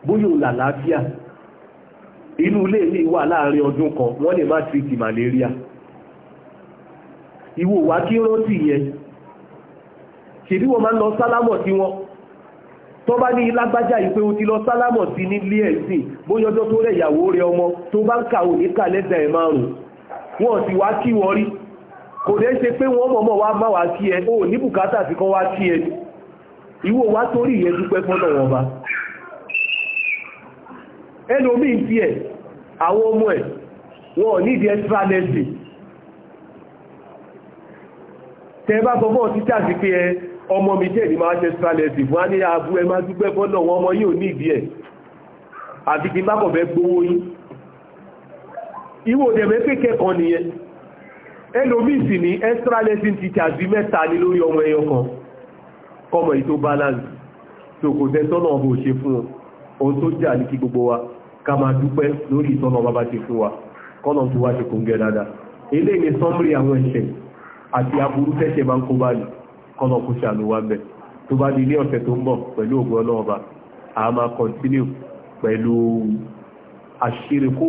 bóyá òun làlàáfíà inú ilé mi wà láàrin ọdún kan wọ́n lè má tìrìtì màlẹ́ríà ìwò wá kí rántí yẹn ṣèbí wọ́n máa ń lọ sálámọ̀ sí wọn tó bá ní lágbájá ìpé o ti lọ sálámọ̀ sí nílé ẹ̀sìn bóyọjọ́ tó rẹ̀ ìyàwó rẹ̀ ọmọ tó bá ń kàwò ní kàlẹ́dà ẹ̀ márùn-ún wọ́n ti wá kí wọ́n rí kò dẹ́ ṣe pé wọ́n mọ̀mọ́ wá má wá kí ẹ o ní bùkátà sí kọ́ wá kí ẹ ìwọ wá torí ìyẹn dúpẹ́ fọ́nà wọn bá ẹnu omi ń fi ẹ̀ àwọn ọmọ ẹ̀ wọ́n ní ìdí extra lesson tẹ́ bá sọ fọ́ọ̀ títà sí pé ẹ ọmọ mi jẹ́ ìdí máa ṣe extra lesson fún á ní abú ẹ má dúpẹ́ fọ́nà wọn ọmọ yìí ò ní ìdí ẹ̀ àbí kí n fẹ́ gbowó yín Iwo òdẹ̀mẹ́ kékẹ́ kan nìyẹn ẹlòmíìsì ní extra lesson teacher bí mẹ́ta ní lórí ọmọ ẹyọ kan kọmọ èyí tó balance tó kò tẹ́ sọ́nà ọmọ òṣè fún ọ ohun tó jà ní kí gbogbo wa ká máa dúpẹ́ lórí ìtọ́nà ọba bá ti fún wa kọ́nà tó wá ṣe kò ń gẹ dáadáa eléyìí ni sọ́mùrì àwọn ẹ̀ṣẹ̀ àti aburú tẹ́ṣẹ̀ bá ń kó bá ní kọ́nà kó ṣàánú wa bẹ̀ tó bá di continue pẹ̀lú àṣírikú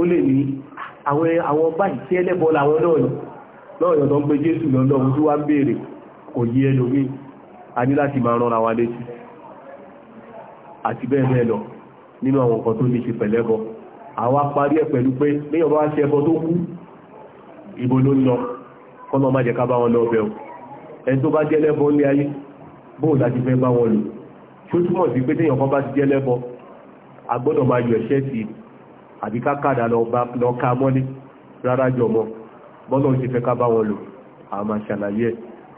ó lè ní àwọn báyìí tí ẹlẹ́bọ̀ làwọn náà ni lọ́ọ̀yọ̀ tó ń pe jésù lọ́lọ́ ohun tí wá ń béèrè kò yí ẹlòmí a ní láti máa rán àwọn létí àti bẹ́ẹ̀ bẹ́ẹ̀ lọ nínú àwọn nǹkan tó ní ṣe pẹ̀lẹ́bọ̀ àwa parí ẹ̀ pẹ̀lú pé léyàn bá ṣe ẹbọ tó kú ìbò ló lọ kọ́nà má jẹ́ ká bá wọn lọ bẹ̀ ẹni tó bá jẹ́lẹ́bọ ní ayé bóò láti fẹ́ bá wọn lò tó túmọ̀ sí pé a gbọ́dọ̀ máa yọ ẹ̀ṣẹ́ sí àbí kákàdà lọ ká mọ́lé rárá jọ mọ́ bọ́lọ̀ ṣe fẹ́ ká bá wọn lò a máa ṣàlàyé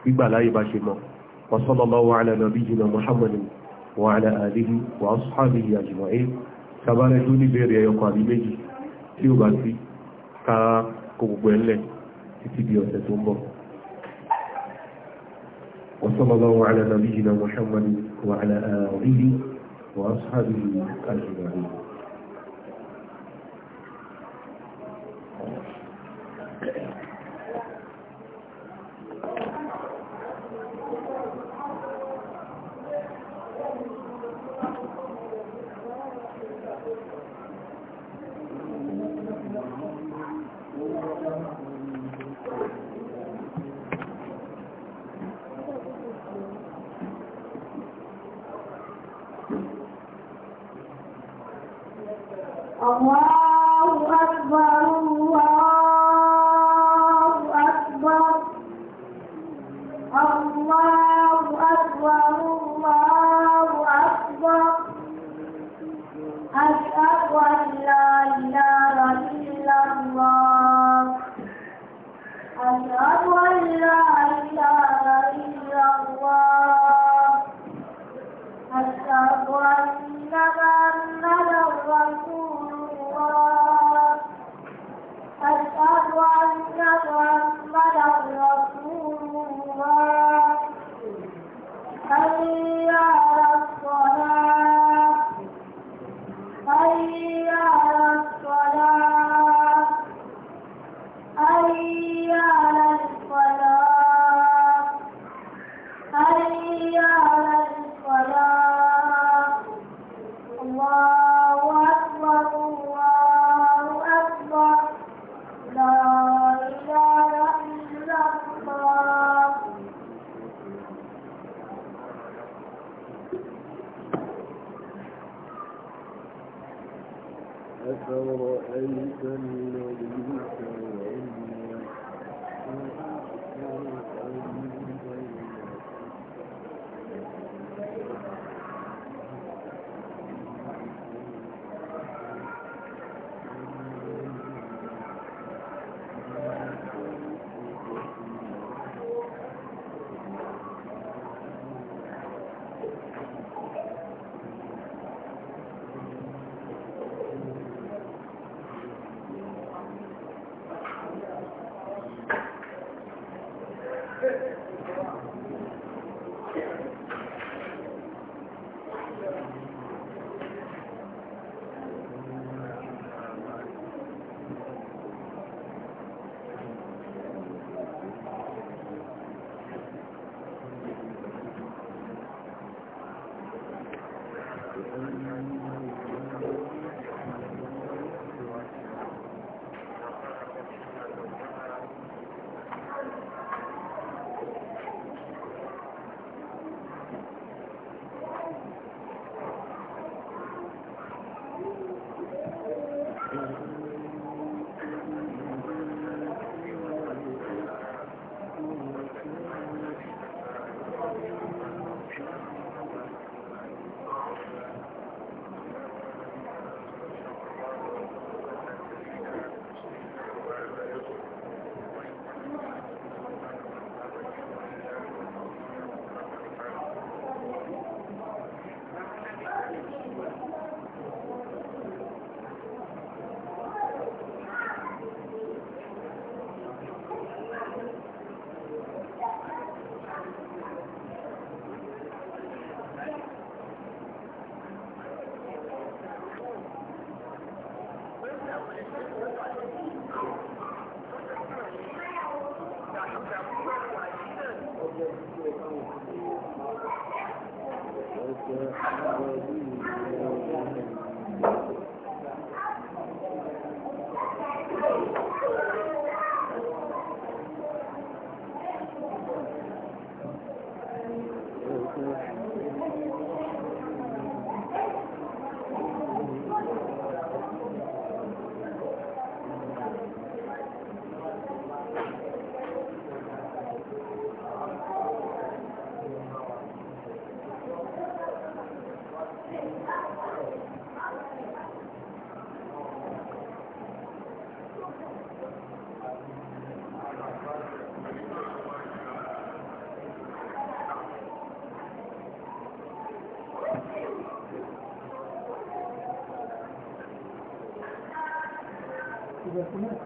gbígbà láyé bá ṣe mọ́ wa sallallahu ala nabiyyina muhammadin wa ala alihi wa ashabihi ajma'in sábàrẹ̀ tó ní bẹ̀rẹ̀ ẹyọkọ̀ àbí méjì Allah أكبر الله Gracias.